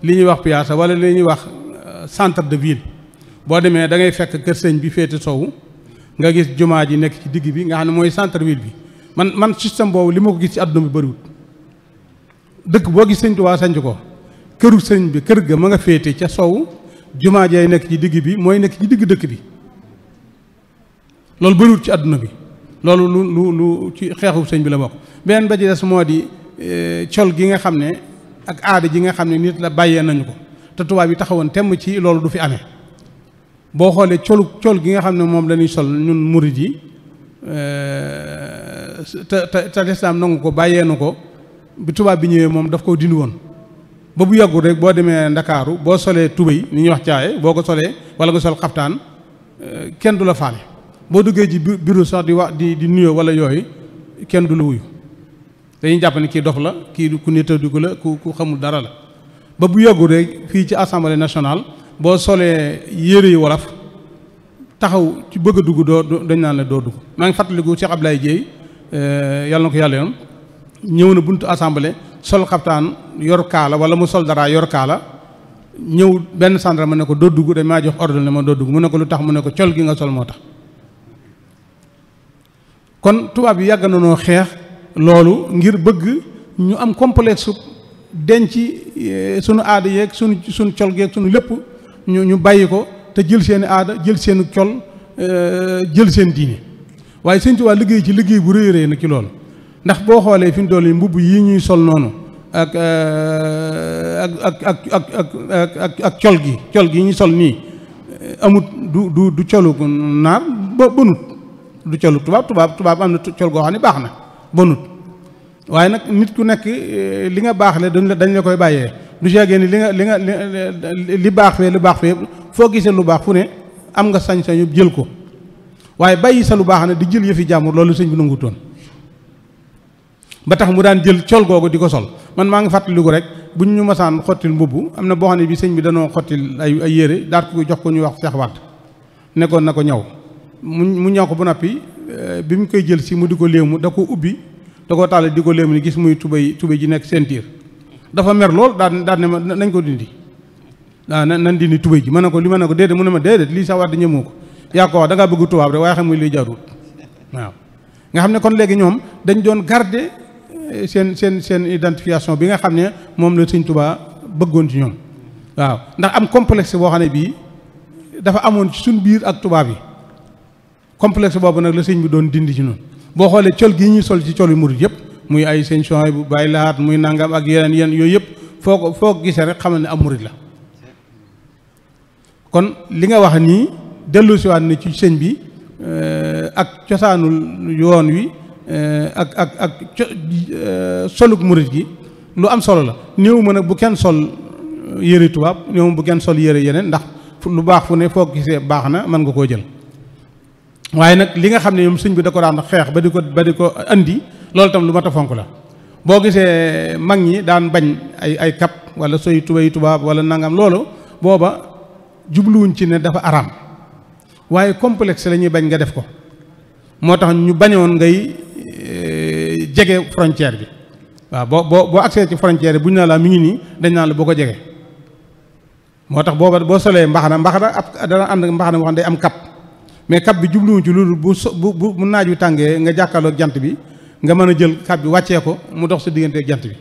li ñuy wax piyaasa wala li ñuy wax euh, centre de ville boo demee da ngay fekk kër sëñ bi féete sow nga gis jumaa ji nekk ci digg bi nga xam ne mooy centre ville bi man man si sa boobu li ma ko gis ci àdduna bi bëriwut dëkk boo gis sëñ Tuubaa sanc ko këru sëñ bi kër ga ma nga féete ca sow jumaa jaay nekk ci digg bi mooy nekk ci digg dëkk bi loolu bëriwut ci àdduna bi loolu lu lu lu ci xeexu sëñ bi la bokk beneen ba ci des moo di eh, gi nga xam ne ak aada ji nga xam ne nit la bàyyee nañu ko te tubaab yi taxawoon temm ci loolu du fi amee boo xoolee colu col gi nga xam ne moom la ñuy sol ñun murit yi eh, te te lislaam nangu ko bàyyee na ko bi tubaab bi ñëwee moom daf ko dindi woon ba bu yàggul rek boo demee ndakaaru boo solee tubéy ni ñuy wax caaye boo ko solee wala nga sol xaftaan euh, kenn du la faale boo duggee ci bureau sax di wax di di nuyoo wala yooyu kenn du la wuyu dañuy jàpp ne kii dof la kii ku nettadiku la ku ku xamul dara la ba bu yàggul rek fii ci assemblée national boo solee yére yi wolof taxaw ci bëgg a dugg doo dañ naan la doo dugg maa ngi fàttaliku Cheikh Abdoulaye Dièye euh, yàlla na yàlla yoon ñëw na buntu assemblée sol xaptaan yor kaala wala mu sol dara yor kaala ñëw benn ma ne ko doo dugg dañ maa jox ordre ne ma doo dugg mu ne ko lu tax mu ne ko col gi nga sol moo tax kon tubaab yi yàgg na noo xeex loolu ngir bëgg ñu am complexe denc eh, sunu aada yeeg sunu sunu col geeg sunu lépp ñu ñu bàyyi ko te jël seen aada jël seen col eh, jël seen diine waaye Sëñ Tuubaa liggéey ci liggéey bu rëy rëy nag ci loolu ndax boo xoolee fi mu toll nii mbubb yi ñuy sol noonu euh, ak ak ak ak ak col gi col gi ñu sol nii euh, amut du du du colu naar ba bënut du colu tubaab tubaab tubaab am na col goo xam ne baax na bënut waaye nag nit ku nekk euh, li nga baax le dañ la dañ la koy bàyyee du jagee ni li nga li nga li baax fee lu baax fee foo gisee lu baax fu ne am nga sañ-sañu jël ko waaye bàyyi sa lu baax na di jël yëfi jàmbur loolu sëñ bi nangutoon ba tax mu daan jël col googu di ko sol man maa ngi fàttaliku rek bu ñu masaan xottil mbubb am na boo xam ne bi sëñ bi danoo xottil ay ay yére daat ko jox ko ñuy wax Cheikh Wade nekkoon na ko ñaw mu mu ñaw ko ba noppi eh, bi mu koy jël si mu di ko léemu da ko ubbi da ko tàlle di ko léemu ni gis muy tubéy tubéy ji nekk ceinture dafa mer lool daan daan ne ma nañ ko dindi waaw ah, na nan dindi tubéy ji ma ne ko li ma ne ko déedéet mu ne ma déedéet lii sax Wade ñëmoo ko yaa ko wax da ngaa bëgg tubaab rek waaye xam nga lii jaarul xam ne kon léegi ñoom dañ doon garder seen seen seen identification bi nga xam ne moom la Sëñ Tuubaa bëggoon ci ñoom waaw ndax am complexe boo xam ne bii dafa amoon ci suñ biir ak tubaab yi complexe boobu nag la sëñ bi doon dindi ci noonu boo xoolee col gii ñuy sol ci col yu murid yëpp muy ay sëñ Suhaybu bu bàyyi laat muy nangam ak yeneen yenn yooyu yëpp foo ko foo gisee rek xamal ne am murid la kon li nga wax nii dellu siwaat ci sëñ bi euh, ak cosaanul yoon wi Eh, ak ak ak eh, solug murit gi lu am solo la néew ma nag bu kenn sol eh, yëre tubaab néew bu kenn sol yëre yeneen ndax lu baax fu ne foo gisee baax na mën nga koo jël waaye nag li nga xam ne ñoom suñ bi da ko daan xeex ba di ko ba ko andi loolu tam lu mat fonk la boo gisee mag ñi daan bañ ay ay kap wala soy tubaab wala nangam loolu booba jubluwuñ ci ne dafa araam waaye complexe la ñuy bañ nga def ko moo tax ñu bañoon ngay jege frontière bi waaw boo boo boo accès ci frontière bu ñu naa laa mi ngi nii dañ naan la boo ko jege moo tax booba boo solee mbaxana mbaxana ab dana ànd mbaxana wax day am cap mais cap bi jubluwuñ ci loolu bu so bu bu naaj wi tàngee nga jàkkaarloog jant bi nga a jël cap bi wàccee ko mu dox sa diggante jant bi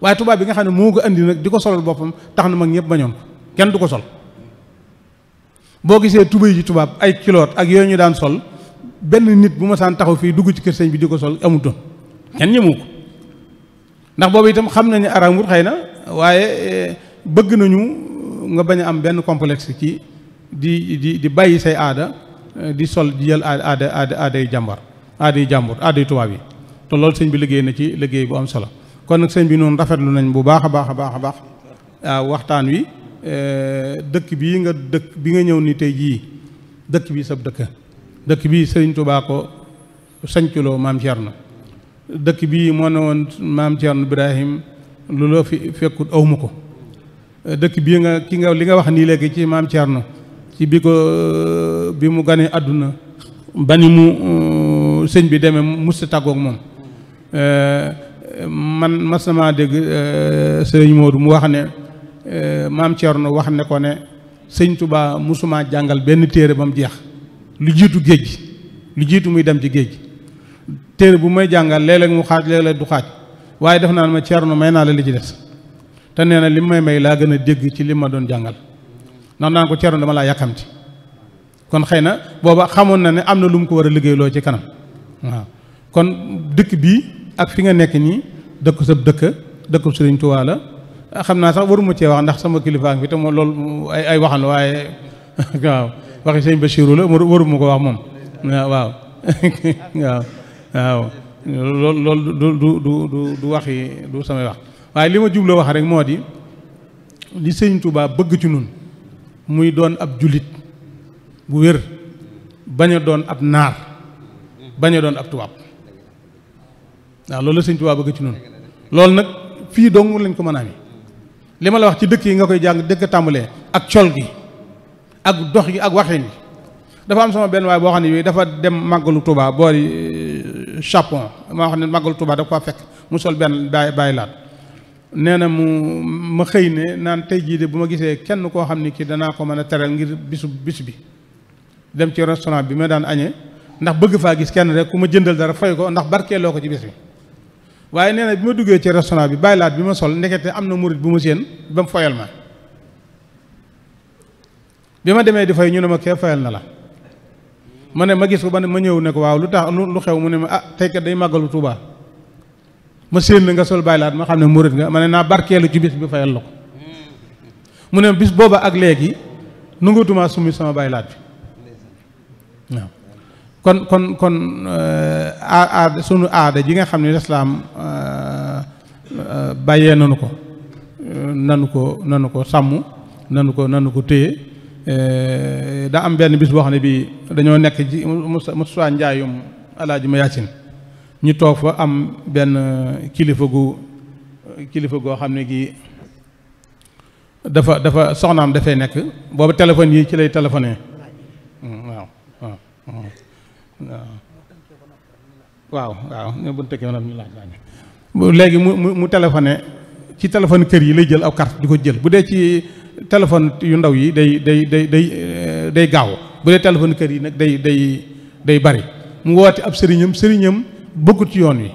waaye tubaab bi nga xam ne moo ko andi nag di ko solal boppam tax na mag ñëpp bañoon ko kenn du ko sol boo gisee tubéy ji tubaab ay kiloot ak yooyu ñu daan sol benn nit bu ma saan taxaw fii dugg ci kër sëñ bi di ko sol amutoon kenn ñëmu ko ndax boobu itam xam nañu araamut xëy na waaye eh, bëgg nañu eh, nga bañ am benn complex ci di di di bàyyi say aada eh, di sol di jël aada aada aaday jàmbar aaday jàmbur aaday tubaab yi te loolu sëñ bi liggéey na ci liggéey bu am solo kon nag sëñ bi noonu rafetlu nañ bu baax a baax a baax a baax ah, waxtaan wi dëkk bii nga dëkk bi nga ñëw ni tey jii dëkk bi sab dëkk dëkk bi sëriñ Tuubaa ko mam maam na dëkk bii moo ne woon maam Thierno Ibrahim lu loo fi fekkut awma ko dëkk bii nga ki nga li nga wax nii léegi ci maam Thierno ci bi ko euh, bi mu ganee àdduna ba ni mu euh, sëñ bi demee musta tàggoog moom euh, man mas namaa dégg sëñ Modou mu wax ne maam Thierno wax ne ko ne sëñ Touba musuma jàngal benn téere ba mu jeex lu jiitu géej gi lu jiitu muy dem ci géej gi téere bu may jàngal léeg-léeg mu xaaj léeg du xaaj waaye def naa ma Ceerno may naa la li ci des te nee na li may may laa gën a dégg ci li ma doon jàngal ndax naan ko Ceerno dama laa yàkkamti kon xëy na booba xamoon na ne am na lu mu ko war a liggéeyloo ci kanam waaw kon dëkk bii ak fi nga nekk nii dëkku sab dëkk dëkkub Sëriñ Tuubaa la xam naa sax waruma cee wax ndax sama kilifa bi te moom lool mu ay waxan la waaye waaw waxi sëñ Bachirou la waruma ko wax moom waaw loolu loolu du du du du wax yi du samay wax waaye li ma jubloo wax rek moo di li sëñ Touba bëgg ci nun muy doon ab jullit bu wér bañ a doon ab naar bañ a doon ab tubaab waaw loolu la sëñ Touba bëgg ci nun loolu nag fii dong lañ ko mën a amee li ma la wax ci dëkk yi nga koy jàng dëkk tàmbalee ak col gi ak dox gi ak waxin yi dafa am sama benn waay boo xam ne yooyu dafa dem màggalu tubaa boori chapon maa xam ne màggal Tuubaa da ko fekk mu sol benn bàyyi bàyyi laat nee na mu ma xëy ne naan tey jii de bu ma gisee kenn koo xam ne kii danaa ko mën a teral ngir bisu bis bi dem ci restaurant bi ma daan añee ndax bëgg faa gis kenn rek ku ma jëndal dara fay ko ndax barke loo ko ci bis bi waaye nee bi ma duggee ci restaurant bi bàyyi laat bi ma sol ndekete am na murit bu ma séen ba mu foyal ma bi ma demee di fay ñu ne ma kee fayal na la ma ne ma gis ko ba ne ma ñëw ne ko waaw lu tax lu xew mu ne ma ah tey kat day màggalu Tuubaa ma séen nga sol baylaat ma xam ne murit nga ma ne naa barkeelu ci bis bi fayal la ko mu ne bis booba ak léegi nungatumaa summi sama baylaat bi waaw kon kon kon aada euh, sunu aada ji nga xam ne lislaam euh, euh, bàyyee nanu ko nanu ko nanu ko sàmm nanu ko nanu ko téye Eh, daa am benn bis boo xam ne bii dañoo nekk ci mu Njaayum alaaji ma yaasin toog fa am benn kilifa gu kilifa goo xam ne gi dafa dafa soxnaam dafay nekk boobu téléphone yi ci lay téléphoné mm, waaw waaw waaw waaw bu léegi mu mu mu téléphoné ci téléphone kër yi lay jël aw carte di ko jël bu dee ci téléphone yu ndaw yi day day day day eh, day gaaw bu dee téléphone kër yi nag day day day bari mu woote ab sëriñam sëriñam bëggut ci yoon wi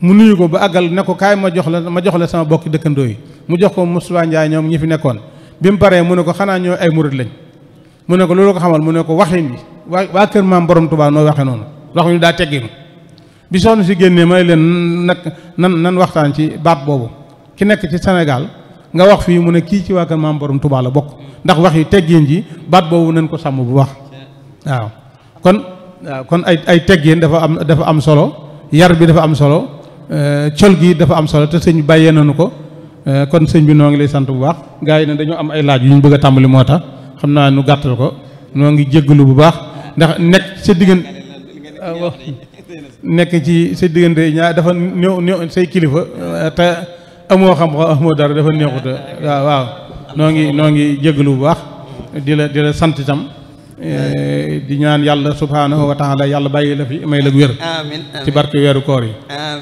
mu nuyu ko ba àggal ne ko kaay ma jox la ma jox la sama bokki dëkkandoo yi mu jox ko Moussa Ndiaye ñoom ñi fi nekkoon bi mu paree mu ne ko xanaa ñoo ay murid lañ mu ne ko loolu ko xamal mu ne ko waxin bi waa waa kër maam borom Tuubaa noo waxee noonu wax ñu daa tegginu bi soxna si génnee ma leen nag nan nan waxtaan ci baat boobu ki nekk ci Sénégal nga wax fii mu ne kii ci waa kër maam borom Touba bokk ndax wax yi teggeen ji baat boobu nañ ko sàmm bu wax waaw kon waaw kon ay ay dafa am dafa am solo yar bi dafa am solo euh, col gi dafa am solo te sëñ bàyyee nañu ko euh, kon sëñ bi noo ngi lay sant bu baax gars yi ne dañoo am ay laaj yu ñu bëgg a tàmbali moo tax xam naa nu gàttal ko noo ngi jéggalu bu baax ndax nekk sa diggante ah, nekk ci sa diggante ñaar dafa néew néew say kilifa euh, te amoo xam-xam amoo dara dafa neexuta waaw waaw noo ngi noo ngi jégalu bu baax di la di la sant itam eh, di ñaan yàlla subhaanahu wa taala yàlla bàyyi la fi may la wér ci barke weeru koor yi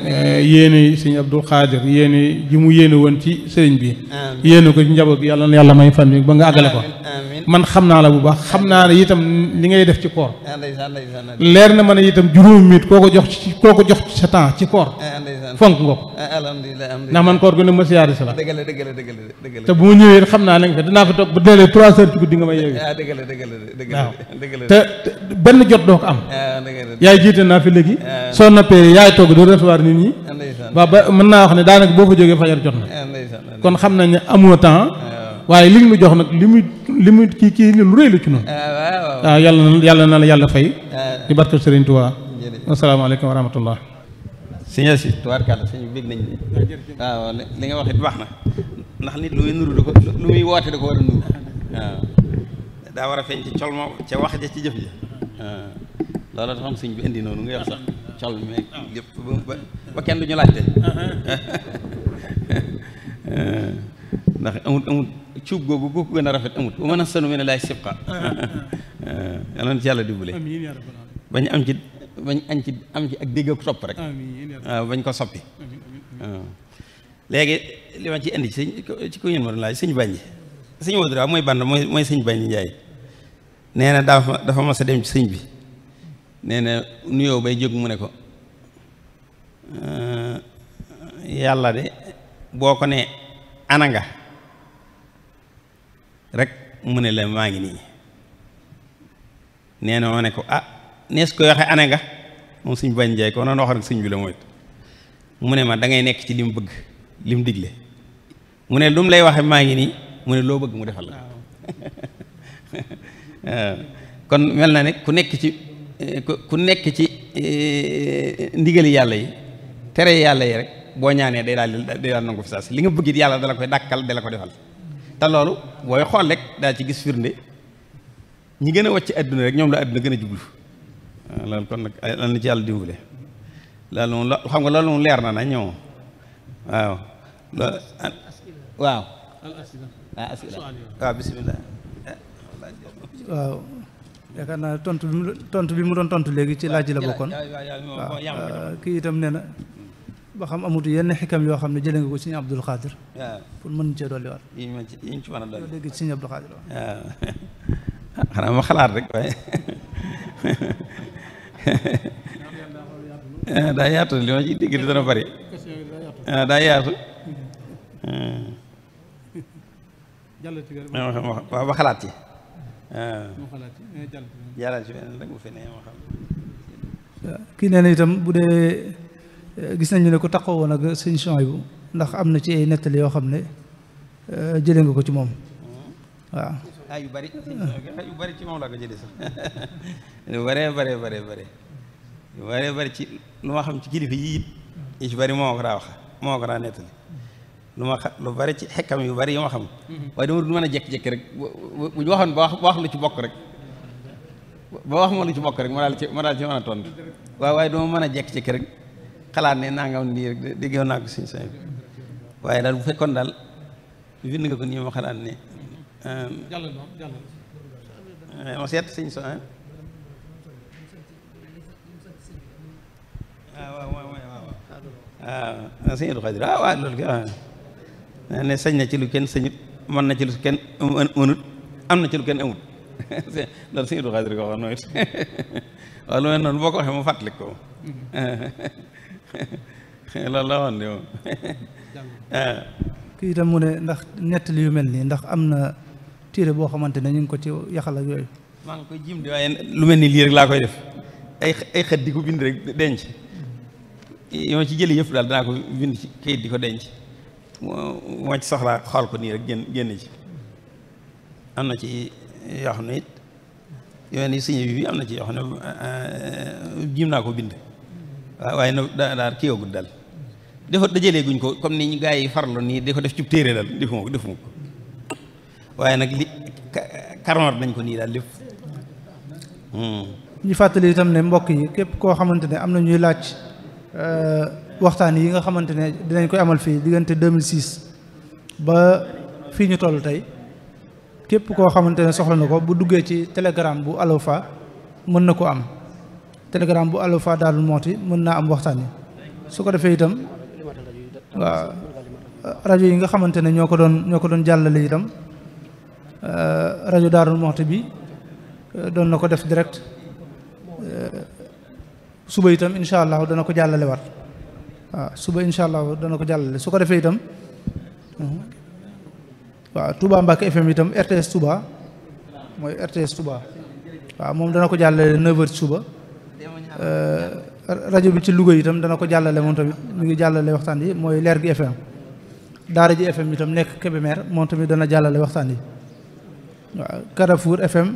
eh, yéene sëñ Abdul Xaadir yéene ji mu yéene woon ci sëriñ bi yéene ko ci njaboot yàlla na yàlla may fan bi ba nga àggale ko man xam naa la bu baax xam naa ne itam li ngay def ci koor ah, leer na ma ne itam juróomi minute koo ko jox ci koo ko jox ci sa temps ci koor ah, fonk nga ko ah, ndax man koor gu ne si naa fi dinaa fi toog ba yaay jiite naa fi toog doo recevoir nit ñi waaw ba mën naa wax ne daanaka boo fa jógee fajar jot na kon xam nañ ne amoo temps waaye li mu jox nag li muy li muy kii kii lu rëy la ci noonu. Ah, waaw ah, yàlla na la yàlla fay. Ah. di barkal Serigne Touba. jërëjëf asalaamaaleykum wa rahmatullah. sëñ Asi tubaarkàlla sëñ bi bég nañ waaw li nga wax it baax na ndax nit lu muy nuru lu muy woote da ko war a nuru daa war a feeñ ci col ma ca wax ja ci jëf ja waaw loolu taxam sëñ bi indi noonu nga wax sax col meeg ba kenn du ñu laajte ndax amut amut cuub googu ku ko gën a rafet amut bu mën a sanu me ne laay sibqa yàlla na ci yàlla dimbale bañ am bañ am ci am ci ak dégg ak topp rek ah, bañ ko soppi ah. léegi li ma ci indi sëñ ci ko ngeen ma doon laaj sëñ bànji sëñ Wadra mooy band mooy mooy sëñ bànji Njaay nee na dafa dafa mas a dem ci sëñ bi neena na nuyoo bay jóg mu ne ko ah, yàlla de boo ko ne ananga rek mu ne la maa ngi nii nee na ma ne ko ah nees koy waxe ane nga moom suñ bañ jaay ko noonu wax rek suñ bi la mooy mu ne ma da ngay nekk ci li bëgg li mu digle mu ne lu lay waxe maa ngi nii mu ne loo bëgg mu defal la kon mel na ne ku nekk ci ku nekk ci e, ndigal yàlla yi tere yàlla yi rek boo ñaanee day daal day daal nangu fi saa si li nga bëggit yàlla dala koy dàkkal dala ko defal te loolu booy xool rek daa ci gis firnde ñi gën a wàcc adduna rek ñoom la adduna gën a jublu loolu kon nag lan na ci yàlla dimbale loolu moom xam nga loolu leer na na ñëw waaw waaw naa tontu bi mu tontu bi mu doon tontu léegi ci laaj la bokkoon waaw kii itam nee na ba xam amut yenn xikam yoo xam ne jëlee nga ko sëñ Abdul Xaadir. waaw pour mën cee dolliwaat. yi yi ñu ci mën a dolli. dégg ci sëñ Abdul Xaadir waaw. xanaa ma xalaat rek waaye daa yaatu li ma ciy dégg dana bari. daa yaatu. waaw ma itam bu dee. gis nañu ne ku taxaw woon ak sëñ Chouaïbou ndax am na ci ay nettali yoo xam ne euh, jële nga ko ci moom waaw. yu bari yu bari ci moom laa ko jëlee sax lu baree baree baree baree bari ci lu ma xam ci kilifa yi yii ci bari moo ko daa wax moo ko daa nettali lu ma xam lu bari ci xekkam yu bari yu ma xam waaye dama du mën a jékki-jékki rek bu ñu waxoon ba wax ba lu ci bokk rek ba wax ma lu ci bokk rek ma daal ci ma a tontu waaw waaye dama mën a jékki-jékki rek. xalaat ne nangam nii rek déggoon naa ko suñu sañ waaye daal bu fekkoon daal bind nga ko nii ma xalaat ne sañ na ci lu kenn sañut mën na ci lu kenn mënut am na ci lu kenn amut loolu sëñ noonu boo ko waxee mu fàttali ko mm-hmm. loolu la woon moom ah. kii itam mu ne ndax nettali yu mel nii ndax am na téere boo xamante ne ñu ngi ko ci yaxal ak yooyu maa ngi koy jim di waaye lu mel ni lii rek laa koy def ay ay xët di ko bind rek denc yoo ci jëli yëpp daal danaa ko bind ci kayit di ko denc moo ci soxlaa xool ko nii rek génn génn ci am na ci yoo ne it yoo bi am na ci yoo xam eh, naa ko bind Ah, waaye na daa daa kii yoogut daal dafa dajalee guñ ko comme ni gaa yi farlu nii dafa def cub téere daal defuma ko defuma ko waaye nag li karnoor nañ ko nii daal lépp hmm. ñu fàttali tam ne mbokk yi képp koo xamante ne am na ñuy laaj euh, waxtaan yi nga xamante ne dinañ koy amal fii diggante 2006 ba fii ñu toll tey képp koo xamante ne soxla na ko bu duggee ci telegram bu Alwafa mën na ko am telegram bu Alwafa Daarul Mooti mën naa am waxtaan yi su ko defee itam waaw rajo yi nga xamante ne ñoo ko doon ñoo ko doon jàllale itam euh, rajo Daarul Mooti bi euh, doon na ko def direct euh, suba itam incha allah dana ko jàllale waat waaw suba incha allah dana ko jàllale su ko defee itam waaw Touba Mbacke FM itam RTS Touba mooy RTS suba waaw moom dana ko jàllale 9 suba. Euh, rajo bi ci Louga yitam dana ko jàllale moom tamit mu ngi jàllale waxtaan yi mooy leer gi FM daara ji FM itam nekk Kébémer moom tamit dana jàllale waxtaan yi waaw Carrefour FM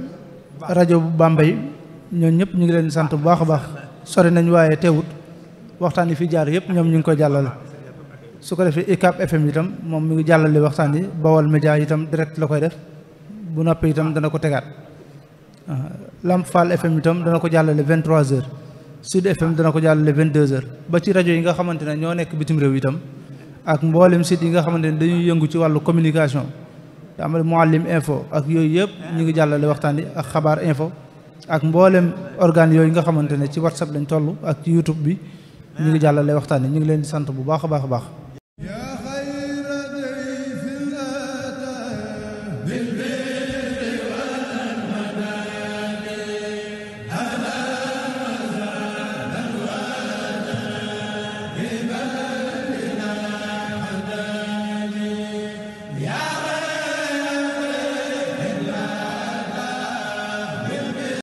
rajo bu Bambey ñoom ñëpp ñu ngi leen sant bu baax a baax sore nañ waaye teewut waxtaan yi fi jaar yëpp ñoom ñu ngi koy jàllale su ko defee ICAP FM itam moom mu ngi jàllale waxtaan yi Bawal Média itam direct la koy def bu noppee itam dana ko tegaat Lamp Fall FM itam dana ko jàllale 23 heures Sud FM dana ko jàllale vingt deux heures ba ci rajo yi nga xamante ne ñoo nekk bitim réew itam ak mboolem sit yi nga xamante ne dañuy yëngu ci wàllu communication te amal Mouhalim info ak yooyu yëpp ñu ngi jàllale waxtaan bi ak xabaar info ak mboolem organes yooyu nga xamante ne ci WhatsApp lañ toll ak ci YouTube bi ñu ngi jàllale waxtaan yi ñu ngi leen di sant bu baax a baax a baax.